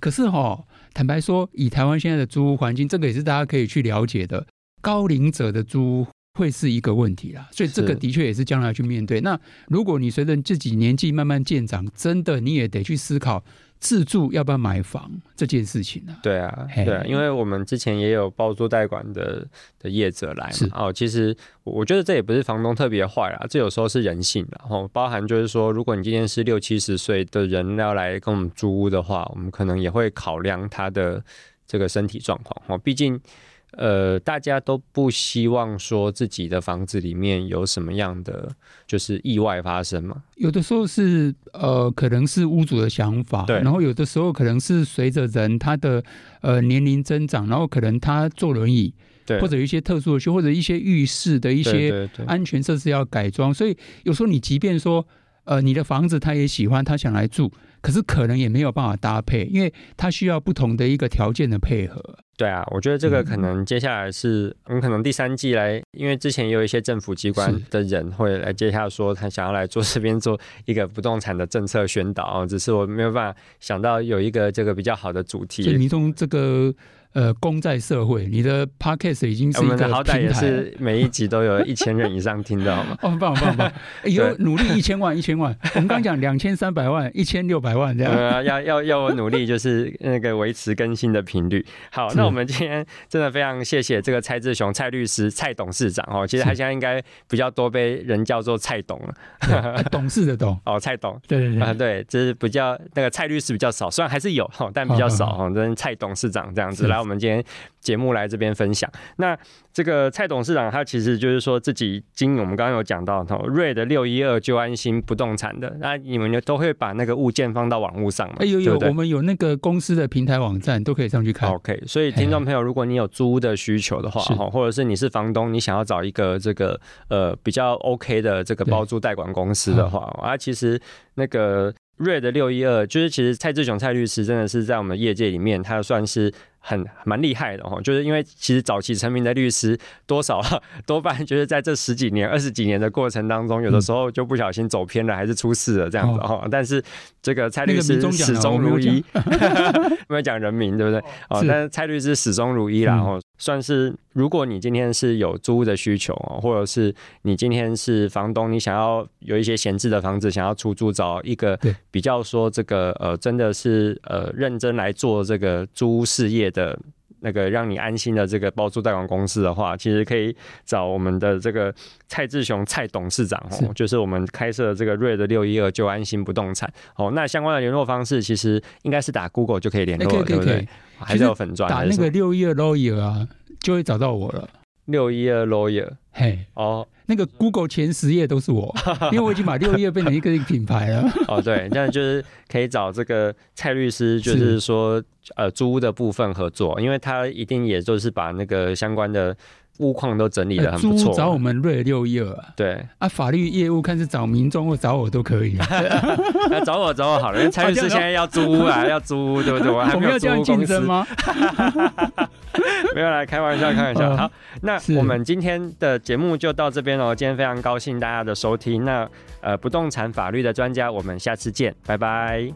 可是哈、哦，坦白說，以台灣現在的租屋環境，這個也是大家可以去了解的。高齡者的租屋會是一個問題啦，所以這個的確也是將來去面對。那如果你隨着自己年紀慢慢漸長，真的你也得去思考。自住要不要買房這件事情呢、啊？對啊，嘿對啊，因為我們之前也有包租代管的的業者來嘛。是哦，其實我覺得這也不是房東特別壞啊，這有時候是人性。然、哦、後包含就是說，如果你今天是六七十歲的人要來跟我們租屋的話，我們可能也會考量他的這個身體狀況。哦，畢竟。呃，大家都不希望說自己的房子裡面有什麼樣的就是意外發生嗎？有的時候是呃，可能是屋主的想法，對。然後有的時候可能是隨着人他的呃年齡增長，然後可能他坐輪椅，對。或者一些特殊的需求，或者一些浴室的一些安全設施要改裝，對對對。所以有時候你即便說呃你的房子他也喜歡，他想來住，可是可能也沒有辦法搭配，因為他需要不同的一個條件的配合。對啊，我覺得這個可能接下來是很、嗯嗯、可能第三季來，因為之前也有一些政府機關的人會來接下來，說他想要來做這邊做一個不動產的政策宣導，只是我沒有辦法想到有一個這個比較好的主題。所以你從這個。呃，公在社會，你的 Podcast 已經是一個平台，哎，我們的好歹也是每一集都有一千人以上聽到嗎？ 哦，很棒，很棒，很棒！有對努力一千萬，一千萬。我們剛，剛講兩千三百萬，一千六百萬這樣。嗯，要要要我努力，就是那個維持更新的頻率。好，嗯，那我們今天真的非常謝謝這個蔡志雄蔡律師蔡董事長哦，其實他現在應該比較多被人叫做蔡董了，嗯啊，董事的董哦，蔡董。對對對啊，對，就是比較那個蔡律師比較少，雖然還是有哈，但比較少哈，好好跟蔡董事長這樣子，然、嗯我們今天節目來這邊分享，那這個蔡董事長他其實就是說自己，經營我們剛剛有講到哈，RED612 就安心不動產的，那你們就都會把那個物件放到網路上嘛？哎、欸、有有，對對我們有那個公司的平台網站都可以上去看。OK，所以聽眾朋友，啊、如果你有租的需求的話，哈是，或者是你是房東，你想要找一個這個呃比較 OK 的這個包租代管公司的話，啊，啊其實那個 RED612，就是其實蔡志雄蔡律師真的是在我們業界裡面，他算是。很蠻厲害的哈，就是因為其實早期成名的律師多少多半，就是在這十幾年、二十幾年的過程當中，有的時候就不小心走偏了，還是出事了這樣子哈。哦、但是這個蔡律師始終如一， 沒有講人名對不對？哦，是但是蔡律師始終如一啦。嗯、哦。算是，如果你今天是有租屋的需求啊，或者是你今天是房東，你想要有一些閒置的房子想要出租，找一個比較說這個對呃，真的是呃認真來做這個租屋事業的。那個讓你安心的這個包租代管公司的話，其實可以找我們的這個蔡志雄蔡董事長哦，是就是我們開設的這個 RED612 就安心不動產哦。那相關的聯絡方式，其實應該是打 Google 就可以聯絡，對不對？還是有粉專？打那個六一二都有啊，就會找到我了。六一二 lawyer 嘿，哦，那個 Google 前十頁都是我， 因為我已經把六一二變成一個品牌了。 哦，對，這樣就是可以找這個蔡律師，就是說，是呃，租的部分合作，因為他一定也就是把那個相關的。.物況都整理得很不錯，欸。找我們 RED612 啊，對啊，法律業務看是找民眾或找我都可以。 啊，找我找我好了，蔡律師現在要租啊，要租對不對？我，還沒我沒有這樣競爭嗎？ 沒有啦，開玩笑開玩笑。哦，好，那我們今天的節目就到這邊哦。今天非常高興大家的收聽。那呃，不動產法律的專家，我們下次見，拜拜。